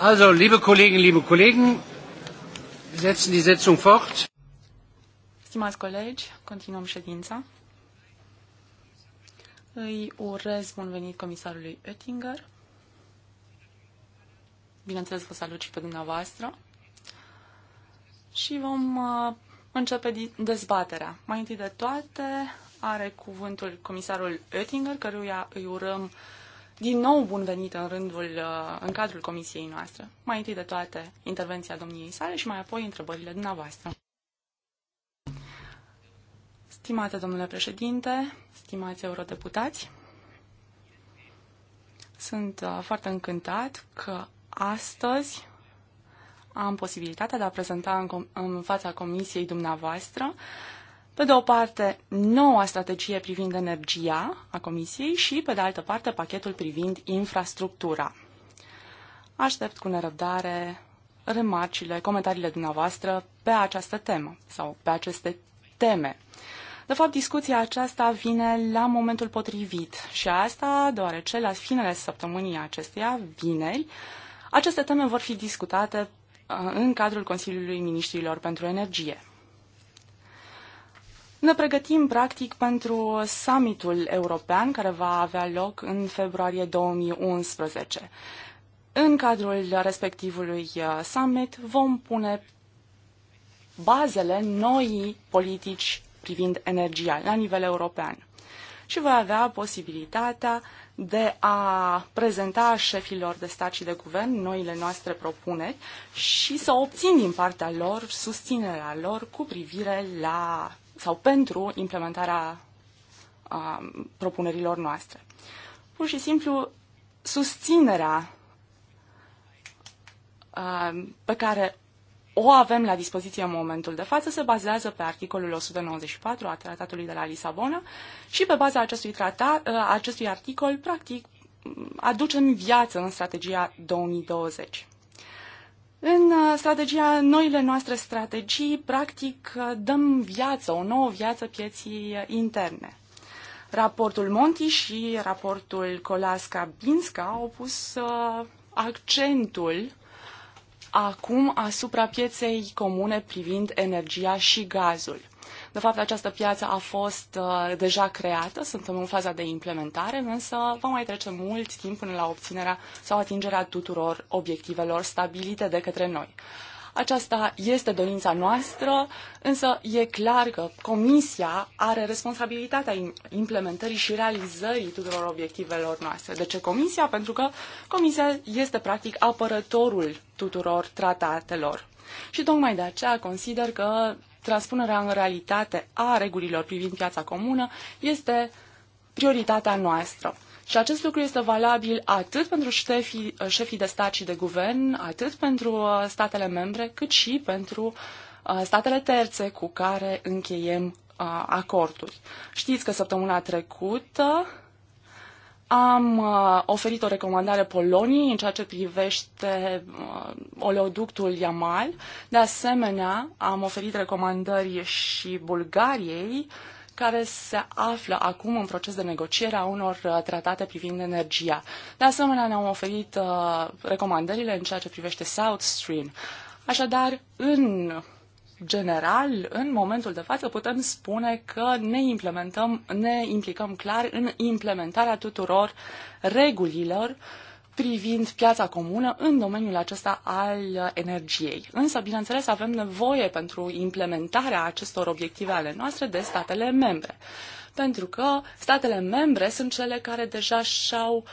Also, liebe Kolleginnen, liebe Kollegen, wir setzen die Sitzung fort. Stimați colegi, continuăm ședința. Îi urez bun venit comisarului Oettinger. Bineînțeles, vă salut și pe dumneavoastră. Și vom uh, începe dezbaterea. Mai întâi de toate, are cuvântul comisarul Oettinger, căruia îi urăm uh, din nou bun venit în rândul, uh, în cadrul comisiei noastre. Mai întâi de toate, intervenția domniei sale și mai apoi întrebările dumneavoastră. Stimate domnule președinte, stimați eurodeputați, sunt uh, foarte încântat că astăzi am posibilitatea de a prezenta în, în fața comisiei dumneavoastră uh, pe de o parte, noua strategie privind energia a Comisiei și, pe de altă parte, pachetul privind infrastructura. Aștept cu nerăbdare remarcile, comentariile dumneavoastră pe această temă sau pe aceste teme. De fapt, discuția aceasta vine la momentul potrivit și asta deoarece la finele săptămânii acesteia, vineri, aceste teme vor fi discutate uh, în cadrul Consiliului Ministrilor pentru Energie. Ne pregătim practic pentru summitul european care va avea loc în februarie 2011. În cadrul respectivului uh, summit vom pune bazele noii politici privind energia la nivel european și voi avea posibilitatea de a prezenta șefilor de stat și de guvern noile noastre propuneri și să obțin din partea lor susținerea lor cu privire la sau pentru implementarea a, um, propunerilor noastre. Pur și simplu, susținerea a, um, pe care o avem la dispoziție în momentul de față se bazează pe articolul 194 a Tratatului de la Lisabona și pe baza acestui, tratat, uh, acestui articol, practic, aducem viață în strategia 2020. În uh, strategia, noile noastre strategii, practic, uh, dăm viață, o nouă viață pieții uh, interne. Raportul Monti și raportul Colasca-Binska au pus uh, accentul acum asupra pieței comune privind energia și gazul. De fapt, această piață a fost uh, deja creată, suntem în faza de implementare, însă va mai trece mult timp până la obținerea sau atingerea tuturor obiectivelor stabilite de către noi. Aceasta este dorința noastră, însă e clar că Comisia are responsabilitatea implementării și realizării tuturor obiectivelor noastre. De ce Comisia? Pentru că Comisia este practic apărătorul tuturor tratatelor. Și tocmai de aceea consider că transpunerea în realitate a regulilor privind piața comună este prioritatea noastră. Și acest lucru este valabil atât pentru șefii, șefii de stat și de guvern, atât pentru uh, statele membre, cât și pentru uh, statele terțe cu care încheiem uh, acorduri. Știți că săptămâna trecută am uh, oferit o recomandare Poloniei în ceea ce privește uh, oleoductul Yamal. De asemenea, am oferit recomandări și Bulgariei, care se află acum în proces de negociere a unor uh, tratate privind energia. De asemenea, ne-am oferit recomandările în ceea ce privește South Stream. Așadar, în general, în momentul de față putem spune că ne, implementăm, ne implicăm clar în implementarea tuturor regulilor privind piața comună în domeniul acesta al energiei. Însă, bineînțeles, avem nevoie pentru implementarea acestor obiective ale noastre de statele membre. Pentru că statele membre sunt cele care deja și-au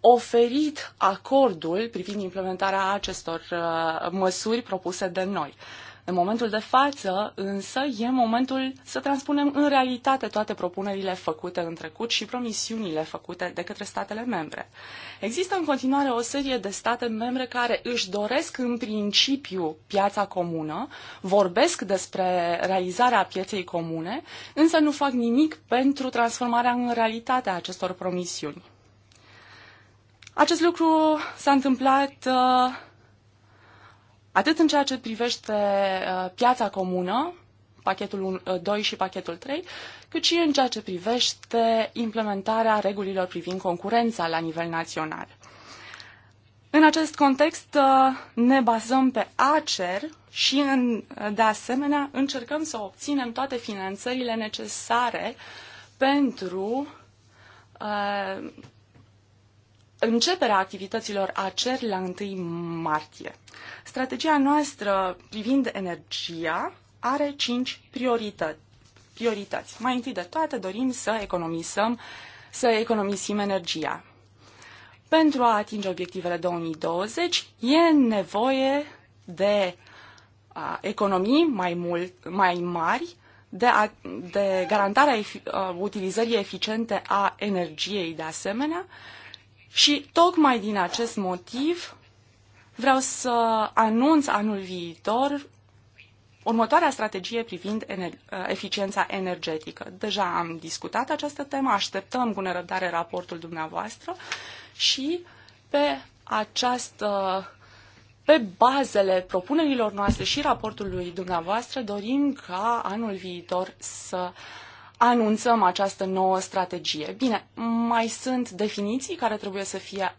oferit acordul privind implementarea acestor uh, măsuri propuse de noi. În momentul de față, însă, e momentul să transpunem în realitate toate propunerile făcute în trecut și promisiunile făcute de către statele membre. Există în continuare o serie de state membre care își doresc în principiu piața comună, vorbesc despre realizarea pieței comune, însă nu fac nimic pentru transformarea în realitate a acestor promisiuni. Acest lucru s-a întâmplat uh, atât în ceea ce privește uh, piața comună, pachetul 2 uh, și pachetul 3, cât și în ceea ce privește implementarea regulilor privind concurența la nivel național. În acest context uh, ne bazăm pe ACER și în, de asemenea încercăm să obținem toate finanțările necesare pentru începerea activităților ACER la 1 martie. Strategia noastră privind energia are cinci priorități. priorități. Mai întâi de toate dorim să economisăm, să economisim energia. Pentru a atinge obiectivele 2020 e nevoie de a, economii mai, mult, mai mari, de, a, de garantarea efi, a, utilizării eficiente a energiei de asemenea, și tocmai din acest motiv vreau să anunț anul viitor următoarea strategie privind ener- uh, eficiența energetică. Deja am discutat această temă, așteptăm cu nerăbdare raportul dumneavoastră și pe această pe bazele propunerilor noastre și raportului dumneavoastră dorim ca anul viitor să uh, anunțăm această nouă strategie. Bine, mai sunt definiții care trebuie să fie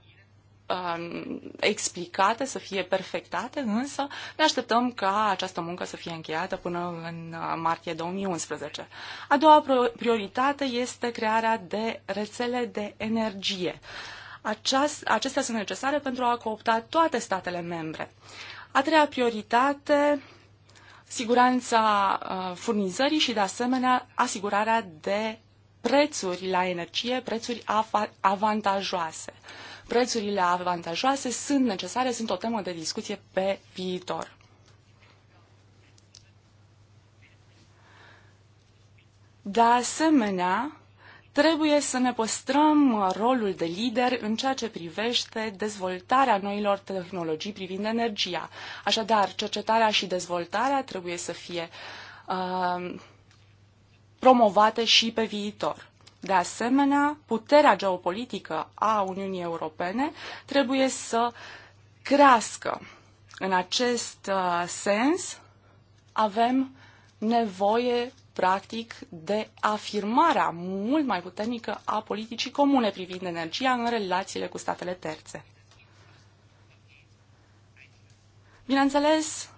um, explicate, să fie perfectate, însă ne așteptăm ca această muncă să fie încheiată până în uh, martie 2011. A doua prioritate este crearea de rețele de energie. acestea sunt necesare pentru a coopta toate statele membre. A treia prioritate siguranța uh, furnizării și, de asemenea, asigurarea de prețuri la energie, prețuri avantajoase. Prețurile avantajoase sunt necesare, sunt o temă de discuție pe viitor. De asemenea, Trebuie să ne păstrăm uh, rolul de lider în ceea ce privește dezvoltarea noilor tehnologii privind energia. Așadar, cercetarea și dezvoltarea trebuie să fie uh, promovate și pe viitor. De asemenea, puterea geopolitică a Uniunii Europene trebuie să crească. În acest uh, sens, avem nevoie practic, de afirmarea mult mai puternică a politicii comune privind energia în relațiile cu statele terțe. Bineînțeles,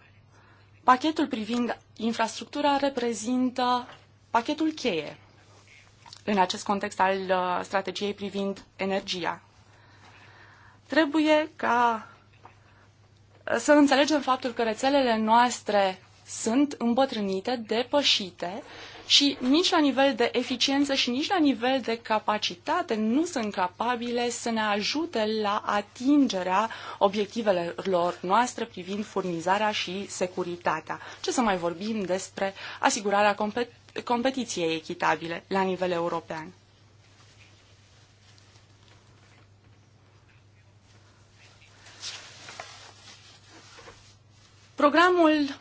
pachetul privind infrastructura reprezintă pachetul cheie în acest context al uh, strategiei privind energia. Trebuie ca uh, să înțelegem faptul că rețelele noastre sunt îmbătrânite, depășite și nici la nivel de eficiență și nici la nivel de capacitate nu sunt capabile să ne ajute la atingerea obiectivelor noastre privind furnizarea și securitatea. Ce să mai vorbim despre asigurarea compet- competiției echitabile la nivel european? Programul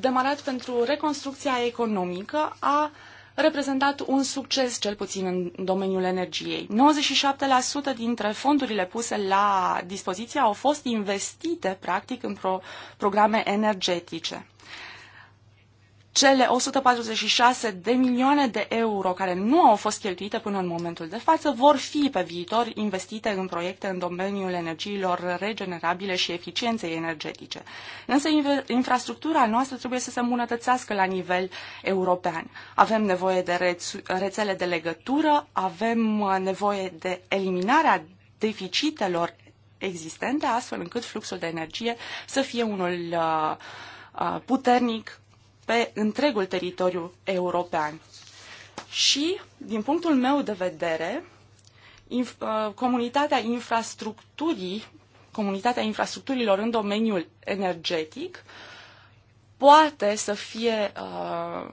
demarat pentru reconstrucția economică a reprezentat un succes, cel puțin în domeniul energiei. 97% dintre fondurile puse la dispoziție au fost investite, practic, în pro- programe energetice cele 146 de milioane de euro care nu au fost cheltuite până în momentul de față vor fi pe viitor investite în proiecte în domeniul energiilor regenerabile și eficienței energetice. Însă infrastructura noastră trebuie să se îmbunătățească la nivel european. Avem nevoie de rețele de legătură, avem uh, nevoie de eliminarea deficitelor existente, astfel încât fluxul de energie să fie unul uh, uh, puternic pe întregul teritoriu european. Și, din punctul meu de vedere, inf- uh, comunitatea infrastructurii, comunitatea infrastructurilor în domeniul energetic poate să fie uh,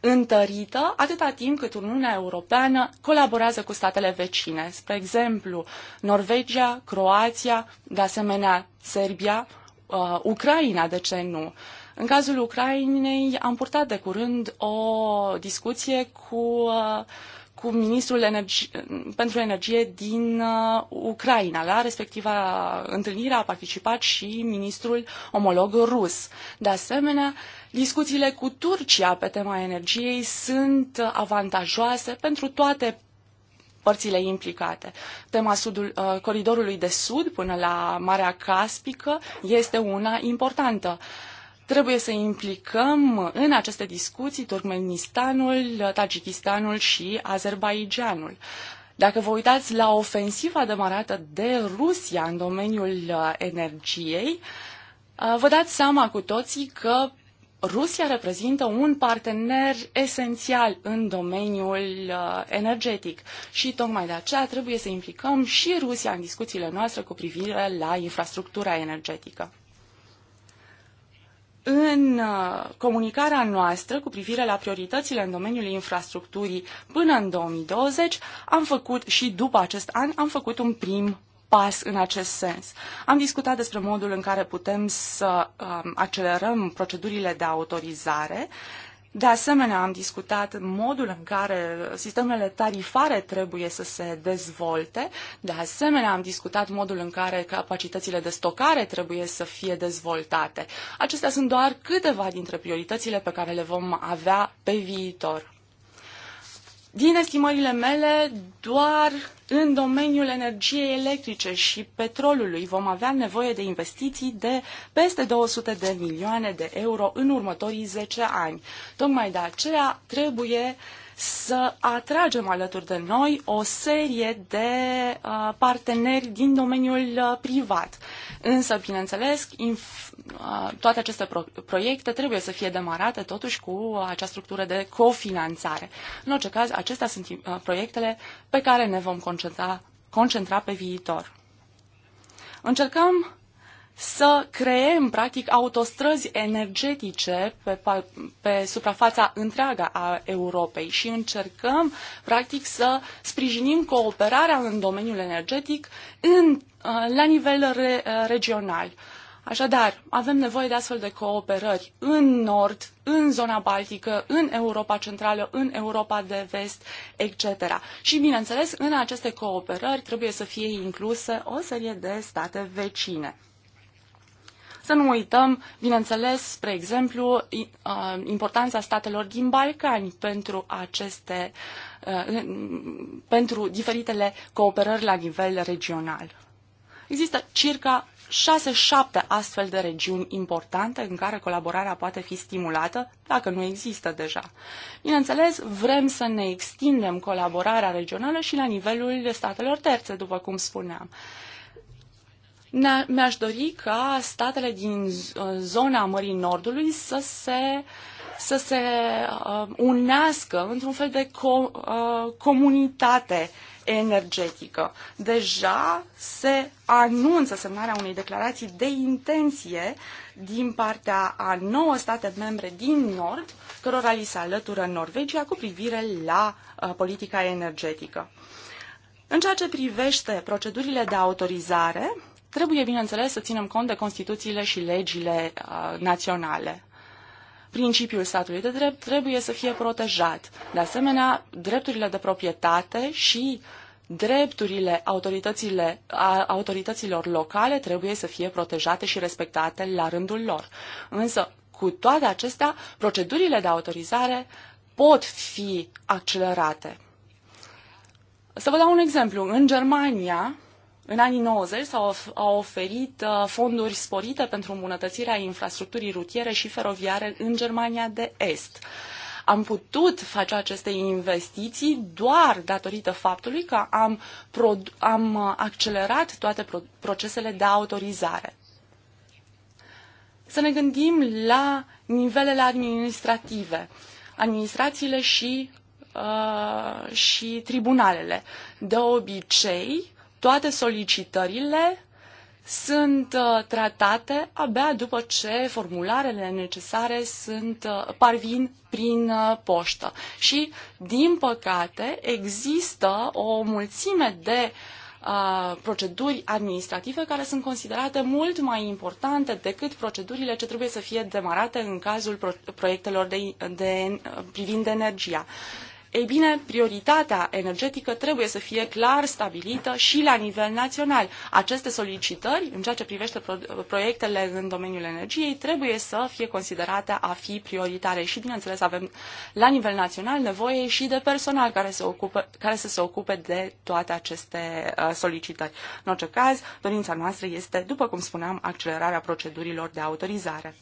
întărită atâta timp cât Uniunea Europeană colaborează cu statele vecine, spre exemplu Norvegia, Croația, de asemenea Serbia, uh, Ucraina, de ce nu. În cazul Ucrainei am purtat de curând o discuție cu, cu ministrul energi- pentru energie din uh, Ucraina. La respectiva întâlnire a participat și ministrul omolog rus. De asemenea, discuțiile cu Turcia pe tema energiei sunt avantajoase pentru toate părțile implicate. Tema sudul, uh, coridorului de sud până la Marea Caspică este una importantă. Uh, Trebuie să implicăm în aceste discuții Turkmenistanul, Tajikistanul și Azerbaijanul. Dacă vă uitați la ofensiva demarată de Rusia în domeniul uh, energiei, uh, vă dați seama cu toții că Rusia reprezintă un partener esențial în domeniul uh, energetic și tocmai de aceea trebuie să implicăm și Rusia în discuțiile noastre cu privire la infrastructura energetică în uh, comunicarea noastră cu privire la prioritățile în domeniul infrastructurii până în 2020, am făcut și după acest an am făcut un prim pas în acest sens. Am discutat despre modul în care putem să um, accelerăm procedurile de autorizare, de asemenea, am discutat modul în care sistemele tarifare trebuie să se dezvolte. De asemenea, am discutat modul în care capacitățile de stocare trebuie să fie dezvoltate. Acestea sunt doar câteva dintre prioritățile pe care le vom avea pe viitor. Din estimările mele, doar în domeniul energiei electrice și petrolului vom avea nevoie de investiții de peste 200 de milioane de euro în următorii 10 ani. Tocmai de aceea trebuie uh, să atragem alături de noi o serie de uh, parteneri din domeniul uh, privat. Însă, bineînțeles, inf- uh, toate aceste pro- proiecte trebuie să fie demarate totuși cu uh, acea structură de cofinanțare. În orice caz, acestea sunt uh, proiectele pe care ne vom concentra, concentra pe viitor. Încercăm să creăm, practic, autostrăzi energetice pe, pe suprafața întreagă a Europei și încercăm, practic, să sprijinim cooperarea în domeniul energetic în, uh, la nivel re, uh, regional. Așadar, avem nevoie de astfel de cooperări în Nord, în zona Baltică, în Europa Centrală, în Europa de Vest, etc. Și, bineînțeles, în aceste cooperări trebuie să fie incluse o serie de state vecine. Să nu uităm, bineînțeles, spre exemplu, uh, importanța statelor din Balcani pentru aceste, uh, pentru diferitele cooperări la nivel regional. Există circa 6-7 astfel de regiuni importante în care colaborarea poate fi stimulată, dacă nu există deja. Bineînțeles, vrem să ne extindem colaborarea regională și la nivelul statelor terțe, după cum spuneam. Mi-aș dori ca statele din uh, zona Mării Nordului să se, să se uh, unească într-un fel de co- uh, comunitate energetică. Deja se anunță semnarea unei declarații de intenție din partea a nouă state membre din Nord, cărora li se alătură Norvegia cu privire la politica energetică. În ceea ce privește procedurile de autorizare, Trebuie, bineînțeles, să ținem cont de Constituțiile și legile uh, naționale. Principiul statului de drept trebuie să fie protejat. De asemenea, drepturile de proprietate și drepturile autoritățile, a, autorităților locale trebuie să fie protejate și respectate la rândul lor. Însă, cu toate acestea, procedurile de autorizare pot fi accelerate. Să vă dau un exemplu. În Germania, în anii 90 s-au oferit uh, fonduri sporite pentru îmbunătățirea infrastructurii rutiere și feroviare în Germania de Est. Am putut face aceste investiții doar datorită faptului că am, am uh, accelerat toate pro- procesele de autorizare. Să ne gândim la nivelele administrative, administrațiile și, uh, și tribunalele. De obicei, toate solicitările sunt uh, tratate abia după ce formularele necesare sunt uh, parvin prin uh, poștă. Și, din păcate, există o mulțime de uh, proceduri administrative care sunt considerate mult mai importante decât procedurile ce trebuie să fie demarate în cazul pro proiectelor de, de, privind energia. Ei bine, prioritatea energetică trebuie să fie clar stabilită și la nivel național. Aceste solicitări, în ceea ce privește proiectele în domeniul energiei, trebuie să fie considerate a fi prioritare și, bineînțeles, avem la nivel național nevoie și de personal care, se ocupă, care să se ocupe de toate aceste uh, solicitări. În orice caz, dorința noastră este, după cum spuneam, accelerarea procedurilor de autorizare.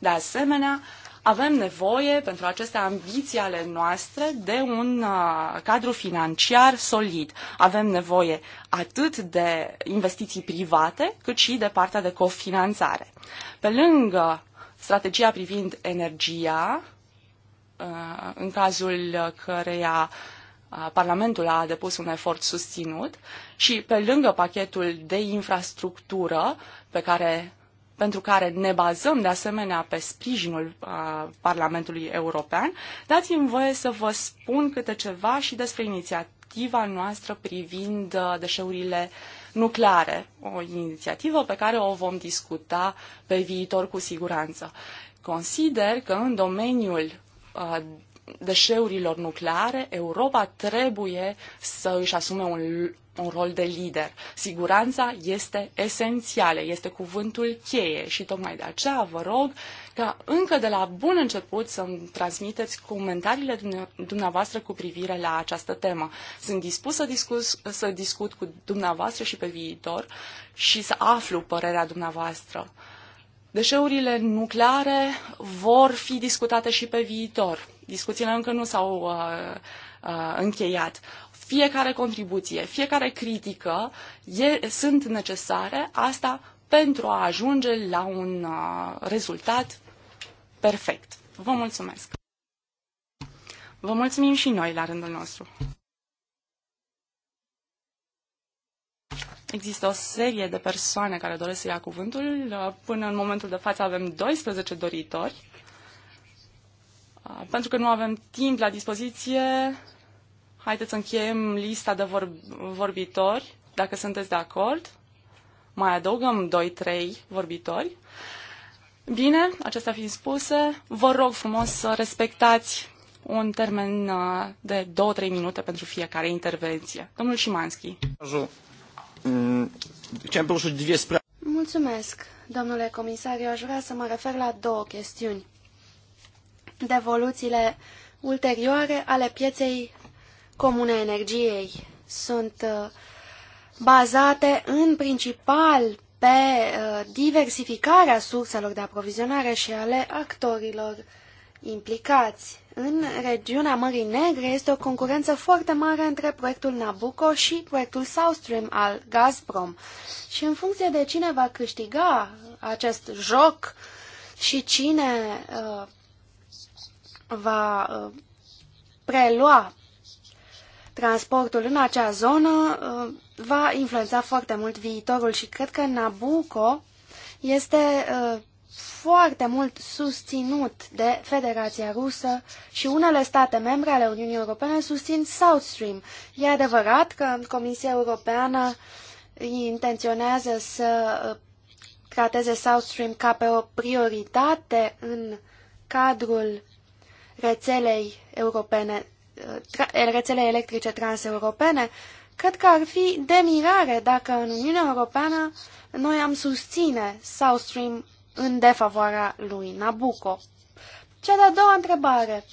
De asemenea, avem nevoie pentru aceste ambiții ale noastre de un uh, cadru financiar solid. Avem nevoie atât de investiții private, cât și de partea de cofinanțare. Pe lângă strategia privind energia, uh, în cazul căreia uh, Parlamentul a depus un efort susținut și pe lângă pachetul de infrastructură pe care pentru care ne bazăm de asemenea pe sprijinul uh, Parlamentului European, dați-mi voie să vă spun câte ceva și despre inițiativa noastră privind uh, deșeurile nucleare, o inițiativă pe care o vom discuta pe viitor cu siguranță. Consider că în domeniul uh, deșeurilor nucleare, Europa trebuie să își asume un un rol de lider. Siguranța este esențială, este cuvântul cheie și tocmai de aceea vă rog ca încă de la bun început să-mi transmiteți comentariile dumneavoastră cu privire la această temă. Sunt dispus să, discus, să discut cu dumneavoastră și pe viitor și să aflu părerea dumneavoastră. Deșeurile nucleare vor fi discutate și pe viitor. Discuțiile încă nu s-au uh, uh, încheiat. Fiecare contribuție, fiecare critică e, sunt necesare, asta pentru a ajunge la un uh, rezultat perfect. Vă mulțumesc! Vă mulțumim și noi la rândul nostru. Există o serie de persoane care doresc să ia cuvântul. Uh, până în momentul de față avem 12 doritori. Uh, pentru că nu avem timp la dispoziție, Haideți să încheiem lista de vor- vorbitori, dacă sunteți de acord. Mai adăugăm 2-3 vorbitori. Bine, acestea fiind spuse, vă rog frumos să respectați un termen uh, de 2-3 minute pentru fiecare intervenție. Domnul Șimanski. Mm, Mulțumesc, domnule comisar. Eu aș vrea să mă refer la două chestiuni. Devoluțiile ulterioare ale pieței comune energiei sunt uh, bazate în principal pe uh, diversificarea surselor de aprovizionare și ale actorilor implicați. În regiunea Mării Negre este o concurență foarte mare între proiectul Nabucco și proiectul South Stream al Gazprom. Și în funcție de cine va câștiga acest joc și cine uh, va uh, prelua transportul în acea zonă uh, va influența foarte mult viitorul și cred că Nabucco este uh, foarte mult susținut de Federația Rusă și unele state membre ale Uniunii Europene susțin South Stream. E adevărat că Comisia Europeană intenționează să uh, trateze South Stream ca pe o prioritate în cadrul rețelei europene rețele electrice transeuropene, cred că ar fi de mirare dacă în Uniunea Europeană noi am susține South Stream în defavoarea lui Nabucco. Cea de-a doua întrebare.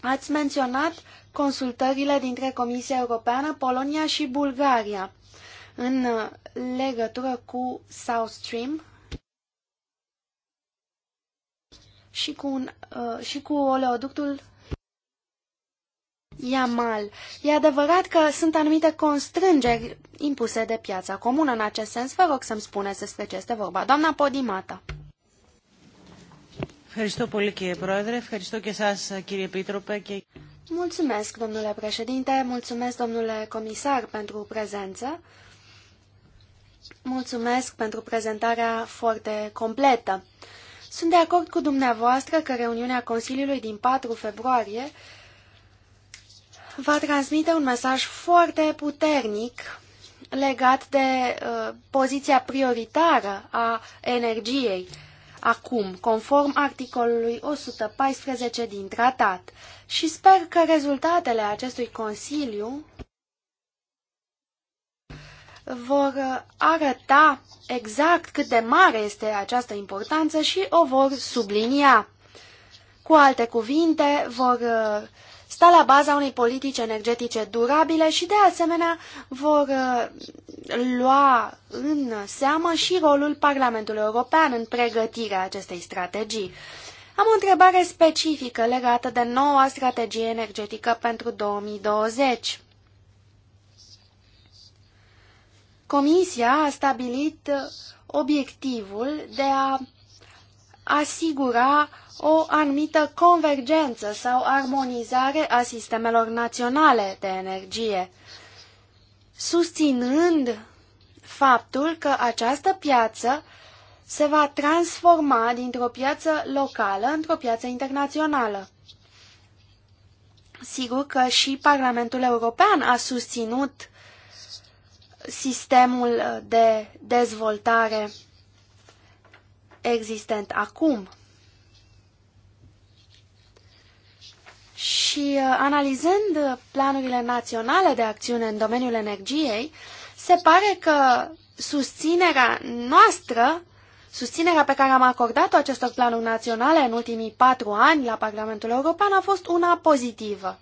Ați menționat consultările dintre Comisia Europeană, Polonia și Bulgaria în uh, legătură cu South Stream și cu, un, uh, și cu oleoductul Iamal. E adevărat că sunt anumite constrângeri impuse de piața comună. În acest sens, vă rog să-mi spuneți despre ce este vorba. Doamna Podimata. Mulțumesc, domnule președinte, mulțumesc, domnule comisar, pentru prezență. Mulțumesc pentru prezentarea foarte completă. Sunt de acord cu dumneavoastră că reuniunea Consiliului din 4 februarie va transmite un mesaj foarte puternic legat de uh, poziția prioritară a energiei acum, conform articolului 114 din tratat. Și sper că rezultatele acestui Consiliu vor uh, arăta exact cât de mare este această importanță și o vor sublinia. Cu alte cuvinte, vor uh, sta la baza unei politici energetice durabile și, de asemenea, vor uh, lua în seamă și rolul Parlamentului European în pregătirea acestei strategii. Am o întrebare specifică legată de noua strategie energetică pentru 2020. Comisia a stabilit obiectivul de a asigura o anumită convergență sau armonizare a sistemelor naționale de energie, susținând faptul că această piață se va transforma dintr-o piață locală într-o piață internațională. Sigur că și Parlamentul European a susținut sistemul de dezvoltare existent acum. Și uh, analizând planurile naționale de acțiune în domeniul energiei, se pare că susținerea noastră, susținerea pe care am acordat-o acestor planuri naționale în ultimii patru ani la Parlamentul European a fost una pozitivă.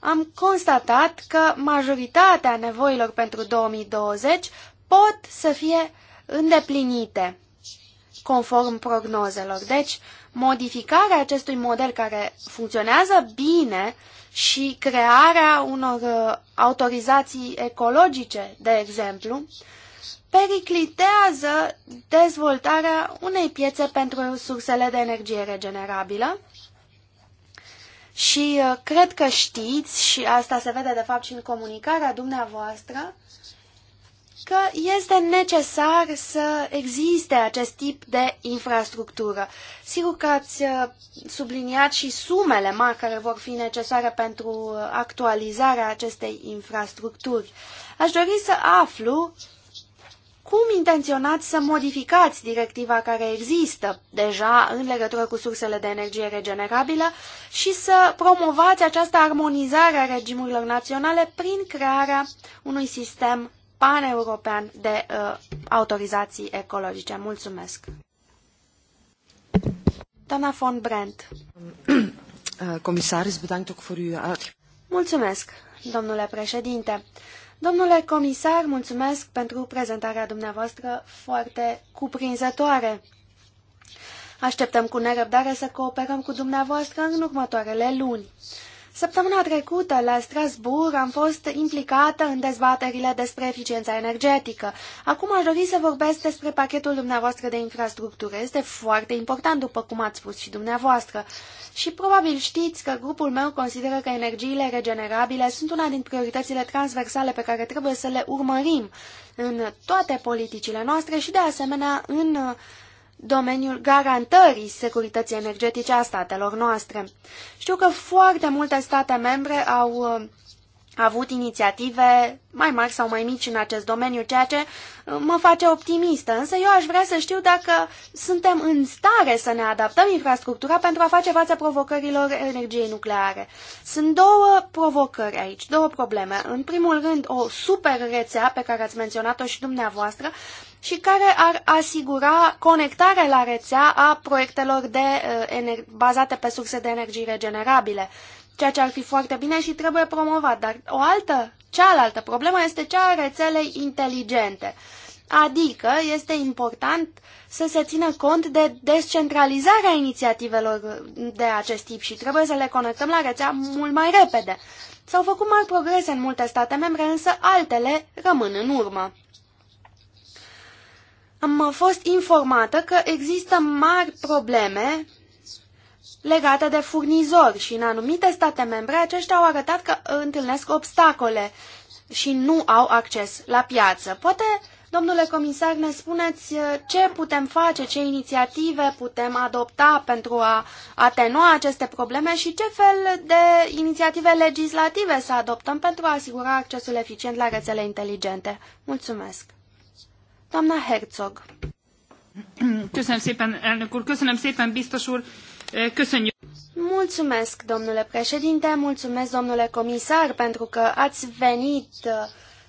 Am constatat că majoritatea nevoilor pentru 2020 pot să fie îndeplinite conform prognozelor. Deci, modificarea acestui model care funcționează bine și crearea unor uh, autorizații ecologice, de exemplu, periclitează dezvoltarea unei piețe pentru sursele de energie regenerabilă. Și uh, cred că știți, și asta se vede de fapt și în comunicarea dumneavoastră, că este necesar să existe acest tip de infrastructură. Sigur că ați uh, subliniat și sumele mari care vor fi necesare pentru uh, actualizarea acestei infrastructuri. Aș dori să aflu cum intenționați să modificați directiva care există deja în legătură cu sursele de energie regenerabilă și să promovați această armonizare a regimurilor naționale prin crearea unui sistem paneuropean de uh, autorizații ecologice. Mulțumesc! Doamna von Brent. Comisaris, Mulțumesc, domnule președinte. Domnule comisar, mulțumesc pentru prezentarea dumneavoastră foarte cuprinzătoare. Așteptăm cu nerăbdare să cooperăm cu dumneavoastră în următoarele luni. Săptămâna trecută, la Strasbourg am fost implicată în dezbaterile despre eficiența energetică. Acum aș dori să vorbesc despre pachetul dumneavoastră de infrastructură. Este foarte important, după cum ați spus și dumneavoastră. Și probabil știți că grupul meu consideră că energiile regenerabile sunt una din prioritățile transversale pe care trebuie să le urmărim în toate politicile noastre și, de asemenea, în domeniul garantării securității energetice a statelor noastre. Știu că foarte multe state membre au uh, avut inițiative mai mari sau mai mici în acest domeniu, ceea ce uh, mă face optimistă. Însă eu aș vrea să știu dacă suntem în stare să ne adaptăm infrastructura pentru a face față provocărilor energiei nucleare. Sunt două provocări aici, două probleme. În primul rând, o super rețea pe care ați menționat-o și dumneavoastră, și care ar asigura conectarea la rețea a proiectelor de, uh, bazate pe surse de energii regenerabile, ceea ce ar fi foarte bine și trebuie promovat. Dar o altă, cealaltă problemă este cea a rețelei inteligente. Adică este important să se țină cont de descentralizarea inițiativelor de acest tip și trebuie să le conectăm la rețea mult mai repede. S-au făcut mari progrese în multe state membre, însă altele rămân în urmă am fost informată că există mari probleme legate de furnizori și în anumite state membre aceștia au arătat că întâlnesc obstacole și nu au acces la piață. Poate, domnule comisar, ne spuneți uh, ce putem face, ce inițiative putem adopta pentru a atenua aceste probleme și ce fel de inițiative legislative să adoptăm pentru a asigura accesul eficient la rețele inteligente. Mulțumesc! Doamna Herzog. Köszönöm szépen, elnök úr, köszönöm szépen, biztos úr, eh, köszönjük. Mulțumesc, domnule președinte, mulțumesc, domnule comisar, pentru că ați venit eh,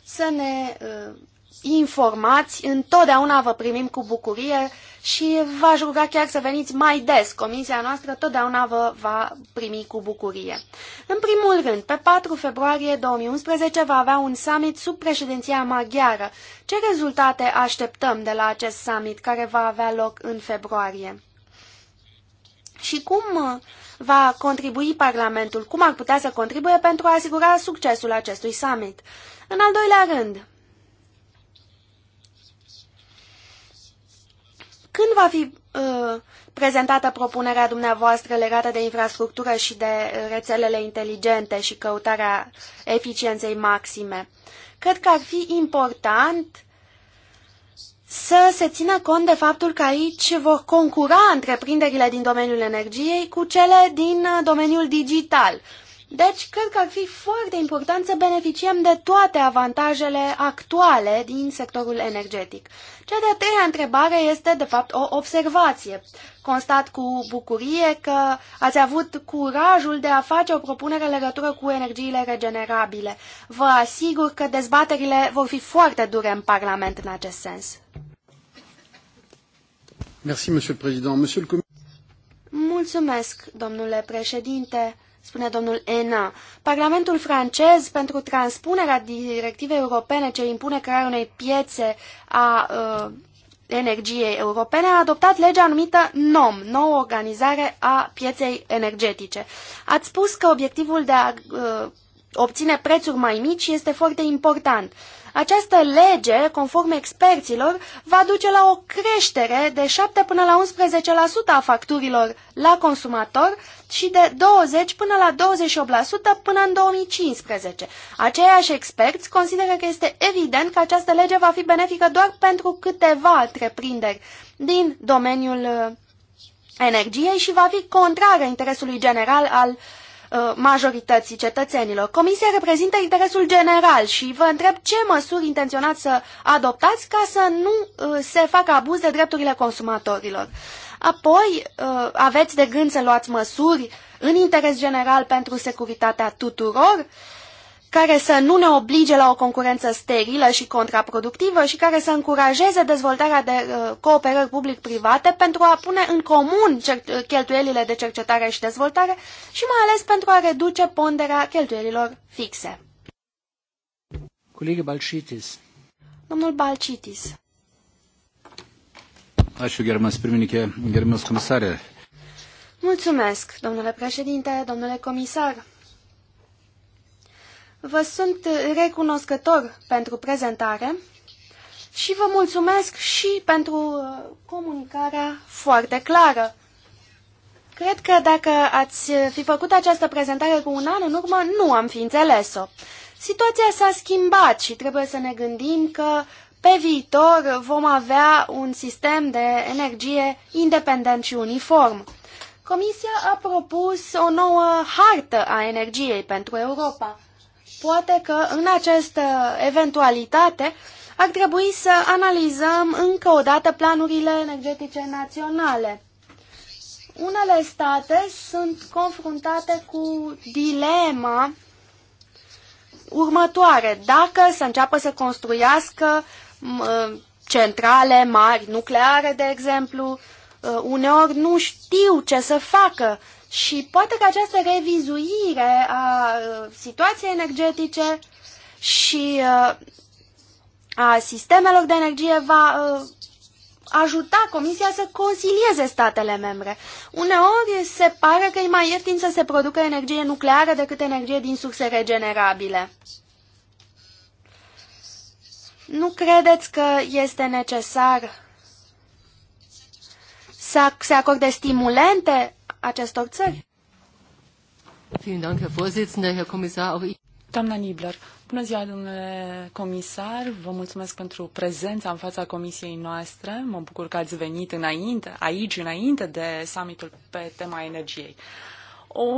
să ne eh, informați, întotdeauna vă primim cu bucurie și v-aș ruga chiar să veniți mai des. Comisia noastră totdeauna vă va primi cu bucurie. În primul rând, pe 4 februarie 2011 va avea un summit sub președinția maghiară. Ce rezultate așteptăm de la acest summit care va avea loc în februarie? Și cum uh, va contribui Parlamentul, cum ar putea să contribuie pentru a asigura succesul acestui summit? În al doilea rând, Când va fi uh, prezentată propunerea dumneavoastră legată de infrastructură și de uh, rețelele inteligente și căutarea eficienței maxime? Cred că ar fi important să se țină cont de faptul că aici vor concura întreprinderile din domeniul energiei cu cele din uh, domeniul digital. Deci, cred că ar fi foarte important să beneficiem de toate avantajele actuale din sectorul energetic. Cea de-a treia întrebare este, de fapt, o observație. Constat cu bucurie că ați avut curajul de a face o propunere în legătură cu energiile regenerabile. Vă asigur că dezbaterile vor fi foarte dure în Parlament în acest sens. Merci, Monsieur le Président. Monsieur le Mulțumesc, domnule președinte spune domnul Ena. Parlamentul francez, pentru transpunerea directivei europene ce impune crearea unei piețe a uh, energiei europene, a adoptat legea numită NOM, nouă organizare a pieței energetice. Ați spus că obiectivul de a uh, obține prețuri mai mici este foarte important. Uh, această lege, conform experților, va duce la o creștere de 7 până la 11% a facturilor la consumator și de 20 până la 28% până în 2015. Aceiași experți consideră că este evident că această lege va fi benefică doar pentru câteva întreprinderi din domeniul uh, energiei și va fi contrară interesului general al Uh, majorității cetățenilor. Comisia reprezintă interesul general și vă întreb ce măsuri intenționați să adoptați ca să nu uh, se facă abuz de drepturile consumatorilor. Apoi, uh, aveți de gând să luați măsuri în interes general pentru securitatea tuturor? Uh, care să nu ne oblige la o concurență sterilă și contraproductivă și care să încurajeze dezvoltarea de uh, cooperări public-private pentru a pune în comun uh, cheltuielile de cercetare și dezvoltare și mai ales pentru a reduce ponderea cheltuielilor fixe. Colegă Balcitis. Domnul Balcitis. Așa, gerbiamas pirmininkė, gerbiamas comisare. Mulțumesc, domnule președinte, domnule comisar. Vă sunt recunoscător pentru prezentare și vă mulțumesc și pentru uh, comunicarea foarte clară. Cred că dacă ați fi făcut această prezentare cu un an în urmă, nu am fi înțeles-o. Situația s-a schimbat și trebuie să ne gândim că pe viitor vom avea un sistem de energie independent și uniform. Comisia a propus o nouă hartă a energiei pentru Europa poate că în această eventualitate ar trebui să analizăm încă o dată planurile energetice naționale. Unele state sunt confruntate cu dilema următoare. Dacă să înceapă să construiască uh, centrale mari, nucleare, de exemplu, uh, uneori nu știu ce să facă și poate că această revizuire a uh, situației energetice și uh, a sistemelor de energie va uh, ajuta Comisia să concilieze statele membre. Uneori se pare că e mai ieftin să se producă energie nucleară decât energie din surse regenerabile. Nu credeți că este necesar să se acorde stimulente acestor țări. Doamna Nibler, bună ziua, domnule comisar. Vă mulțumesc pentru prezența în fața comisiei noastre. Mă bucur că ați venit înainte, aici, înainte de summitul pe tema energiei. O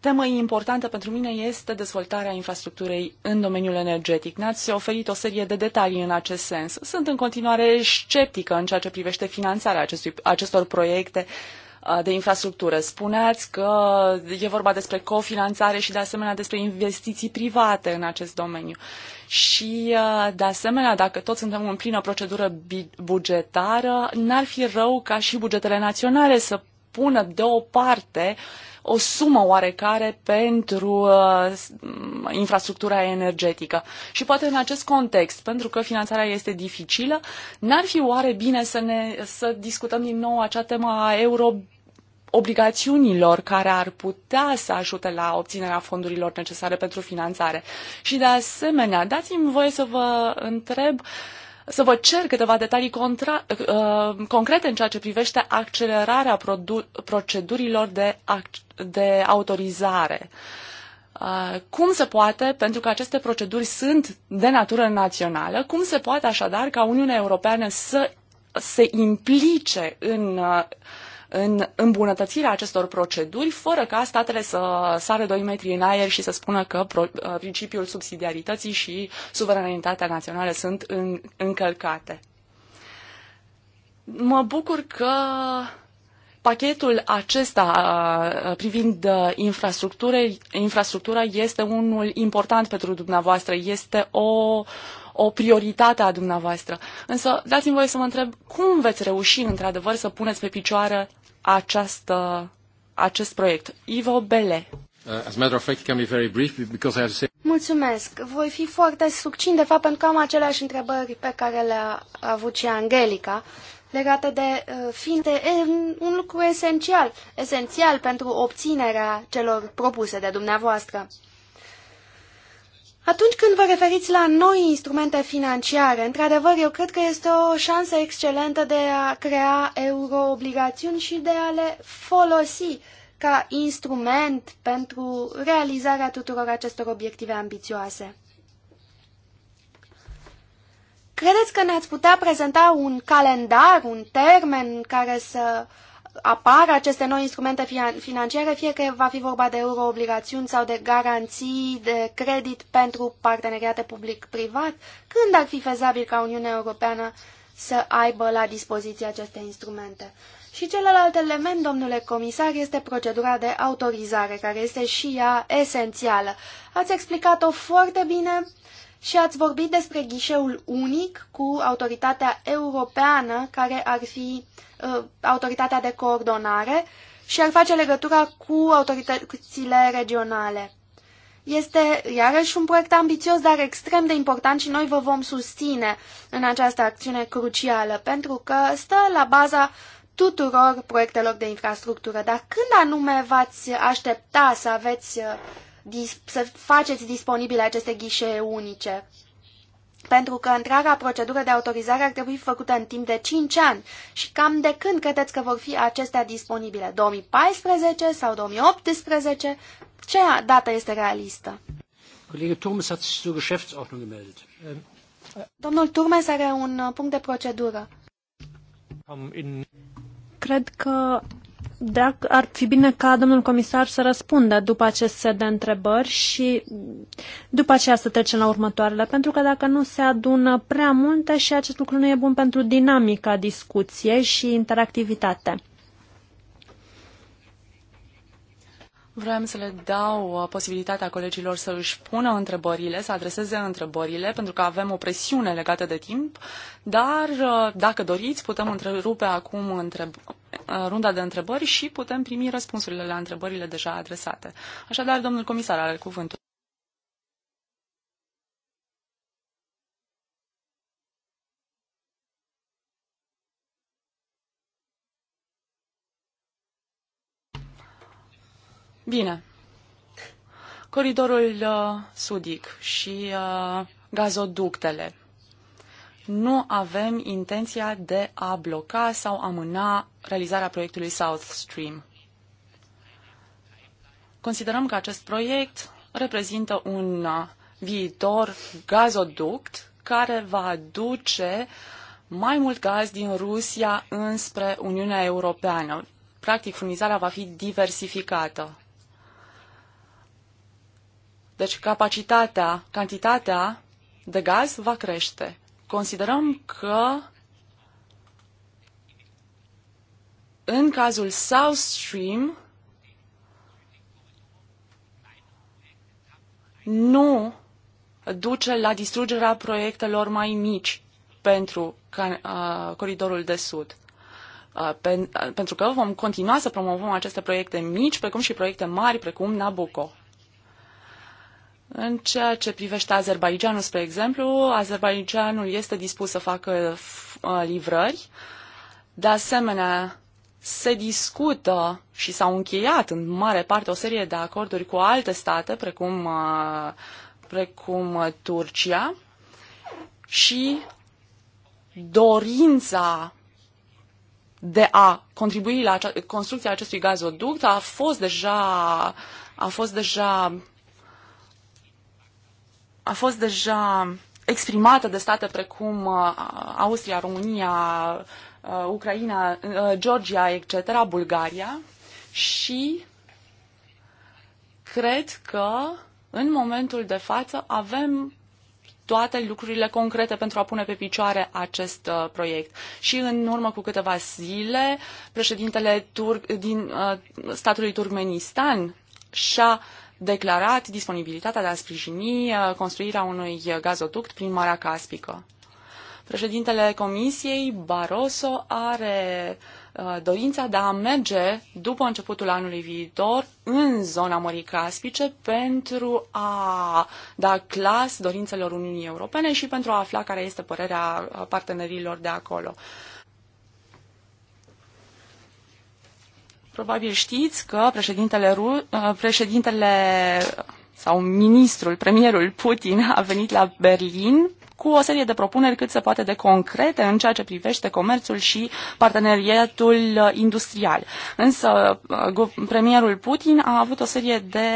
temă importantă pentru mine este dezvoltarea infrastructurii în domeniul energetic. Ne-ați oferit o serie de detalii în acest sens. Sunt în continuare sceptică în ceea ce privește finanțarea acestui, acestor proiecte Uh, de infrastructură. Spuneați că e vorba despre cofinanțare și de asemenea despre investiții private în acest domeniu. Și uh, de asemenea, dacă toți suntem în plină procedură bugetară, n-ar fi rău ca și bugetele naționale să pună deoparte o sumă oarecare pentru uh, infrastructura energetică. Și poate în acest context, pentru că finanțarea este dificilă, n-ar fi oare bine să, ne, să discutăm din nou acea temă a euro obligațiunilor care ar putea să ajute la obținerea fondurilor necesare pentru finanțare. Și de asemenea, dați-mi voie să vă întreb să vă cer câteva detalii contra, uh, concrete în ceea ce privește accelerarea procedurilor de, ac- de autorizare. Uh, cum se poate, pentru că aceste proceduri sunt de natură națională, cum se poate așadar ca Uniunea Europeană să se implice în uh, în îmbunătățirea acestor proceduri, fără ca statele să sară 2 metri în aer și să spună că uh, principiul subsidiarității și suveranitatea națională sunt încălcate. Mă bucur că pachetul acesta uh, privind uh, infrastructura este unul important pentru dumneavoastră, este o o prioritate a dumneavoastră. Însă, dați-mi voie să mă întreb cum veți reuși, într-adevăr, să puneți pe picioare această, acest proiect. Ivo Bele. Uh, Mulțumesc. Voi fi foarte succint, de fapt, pentru că am aceleași întrebări pe care le-a avut și Angelica legate de uh, fiind un lucru esențial, esențial pentru obținerea celor propuse de dumneavoastră. Atunci când vă referiți la noi instrumente financiare, într-adevăr, eu cred că este o șansă excelentă de a crea euroobligațiuni și de a le folosi ca instrument pentru realizarea tuturor acestor obiective ambițioase. Credeți că ne-ați putea prezenta un calendar, un termen care să uh, apar aceste noi instrumente financiare, fie că va fi vorba de euroobligațiuni sau de garanții de credit pentru parteneriate public-privat, când ar fi fezabil ca Uniunea Europeană să aibă la dispoziție aceste instrumente. Și celălalt element, domnule comisar, este procedura de autorizare, care este și ea esențială. Ați explicat-o foarte bine și ați vorbit despre ghișeul unic cu autoritatea europeană care ar fi uh, Uh, autoritatea de coordonare și ar face legătura cu autoritățile regionale. Este iarăși un proiect ambițios, dar extrem de important și noi vă vom susține în această acțiune crucială, pentru că stă la baza tuturor proiectelor de infrastructură. Dar când anume v-ați aștepta să aveți uh, să faceți disponibile aceste ghișee unice? pentru că întreaga procedură de autorizare ar trebui făcută în timp de 5 ani. Și cam de când credeți că vor fi acestea disponibile? 2014 sau 2018? Ce dată este realistă? Colegul Turmes a zur Geschäftsordnung gemeldet. Ähm, Domnul Turmes are un punct de procedură. Cred că dacă ar fi bine ca domnul comisar să răspundă după acest set de întrebări și după aceea să trecem la următoarele, pentru că dacă nu se adună prea multe și acest lucru nu e bun pentru dinamica discuției și interactivitate. Vreau să le dau uh, posibilitatea colegilor să își pună întrebările, să adreseze întrebările, pentru că avem o presiune legată de timp, dar uh, dacă doriți, putem întrerupe acum întreb- Uh, runda de întrebări și putem primi răspunsurile la întrebările deja adresate. Așadar, domnul comisar are cuvântul. Bine. Coridorul uh, sudic și uh, gazoductele nu avem intenția de a bloca sau amâna realizarea proiectului South Stream. Considerăm că acest proiect reprezintă un viitor gazoduct care va aduce mai mult gaz din Rusia înspre Uniunea Europeană. Practic, furnizarea va fi diversificată. Deci capacitatea, cantitatea de gaz va crește considerăm că în cazul South Stream nu duce la distrugerea proiectelor mai mici pentru uh, coridorul de sud. Uh, pen, uh, pentru că vom continua să promovăm aceste proiecte mici, precum și proiecte mari, precum Nabucco. În ceea ce privește Azerbaijanul, spre exemplu, Azerbaijanul este dispus să facă uh, livrări. De asemenea, se discută și s-au încheiat în mare parte o serie de acorduri cu alte state, precum, uh, precum Turcia, și dorința de a contribui la construcția acestui gazoduct a fost deja, a fost deja a fost deja exprimată de state precum uh, Austria, România, uh, Ucraina, uh, Georgia, etc., Bulgaria și cred că în momentul de față avem toate lucrurile concrete pentru a pune pe picioare acest uh, proiect. Și în urmă cu câteva zile, președintele Tur- din uh, statului Turkmenistan și-a uh, declarat disponibilitatea de a sprijini uh, construirea unui gazoduct prin Marea Caspică. Președintele Comisiei Barroso are uh, dorința de a merge după începutul anului viitor în zona Mării Caspice pentru a da clas dorințelor Uniunii Europene și pentru a afla care este părerea uh, partenerilor de acolo. Uh, Probabil știți că președintele, Ru- uh, președintele sau ministrul, premierul Putin a venit la Berlin cu o serie de propuneri cât se poate de concrete în ceea ce privește comerțul și parteneriatul industrial. Însă uh, premierul Putin a avut o serie de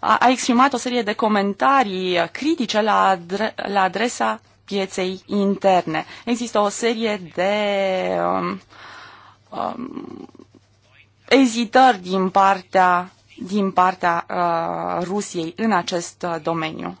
a exprimat o serie de comentarii critice la, adre- la adresa pieței interne. Există o serie de um, um, ezitări din partea, din partea uh, Rusiei în acest uh, domeniu.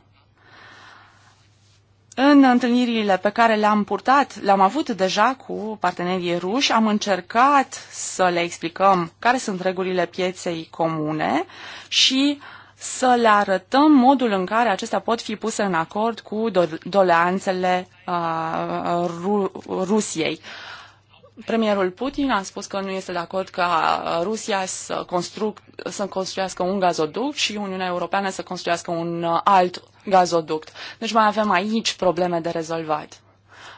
În întâlnirile pe care le-am purtat, le-am avut deja cu partenerii ruși, am încercat să le explicăm care sunt regulile pieței comune și să le arătăm modul în care acestea pot fi puse în acord cu do- doleanțele uh, Ru- Rusiei. Uh, Premierul Putin a spus că nu este de acord ca Rusia să, construc, să construiască un gazoduct și Uniunea Europeană să construiască un uh, alt gazoduct. Deci mai avem aici probleme de rezolvat.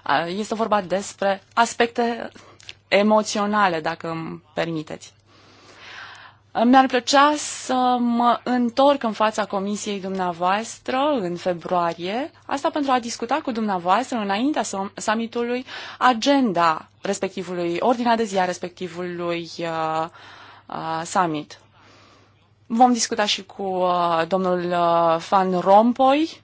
Uh, este vorba despre aspecte emoționale, dacă îmi permiteți. Mi-ar plăcea să mă întorc în fața comisiei dumneavoastră în februarie, asta pentru a discuta cu dumneavoastră înaintea summitului agenda respectivului, ordinea de zi a respectivului uh, uh, summit. Vom discuta și cu uh, domnul uh, Van Rompuy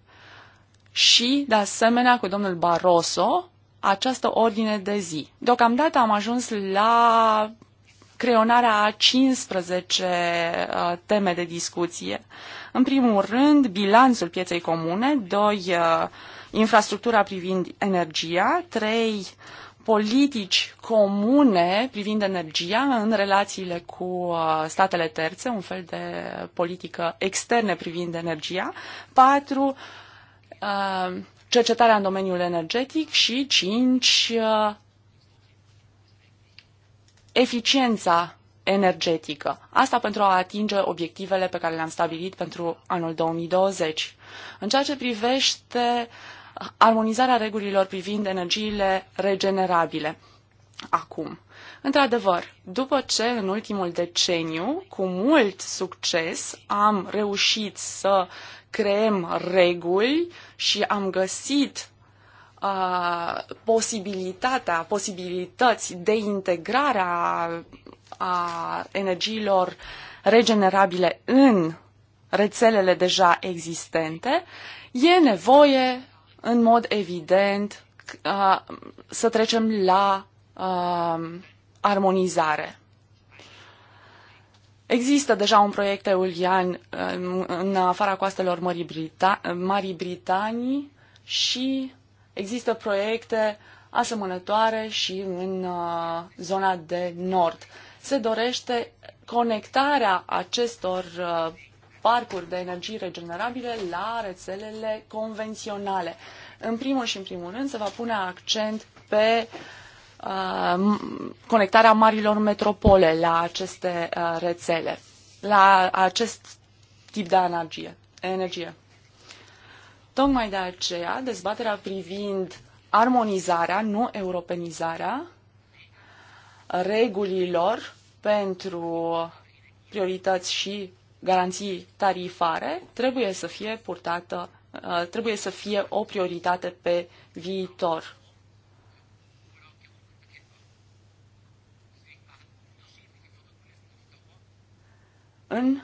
și, de asemenea, cu domnul Barroso această ordine de zi. Deocamdată am ajuns la creionarea a 15 uh, teme de discuție. În primul rând, bilanțul pieței comune, doi, uh, infrastructura privind energia, trei, politici comune privind energia în relațiile cu uh, statele terțe, un fel de politică externe privind energia, patru, cercetarea în domeniul energetic și cinci, eficiența energetică. Asta pentru a atinge obiectivele pe care le-am stabilit pentru anul 2020. În ceea ce privește armonizarea regulilor privind energiile regenerabile. Acum, într-adevăr, după ce în ultimul deceniu, cu mult succes, am reușit să creăm reguli și am găsit uh, posibilitatea, posibilități de integrare a, a energiilor regenerabile în rețelele deja existente, e nevoie, în mod evident, uh, să trecem la uh, armonizare. Există deja un proiect eulian în afara coastelor Marii, Brita- Marii Britanii și Există proiecte asemănătoare și în uh, zona de nord. Se dorește conectarea acestor uh, parcuri de energii regenerabile la rețelele convenționale. În primul și în primul rând se va pune accent pe uh, conectarea marilor metropole la aceste uh, rețele, la acest tip de energie. energie. Tocmai de aceea, dezbaterea privind armonizarea, nu europenizarea, regulilor pentru priorități și garanții tarifare trebuie să fie purtată, uh, trebuie să fie o prioritate pe viitor. În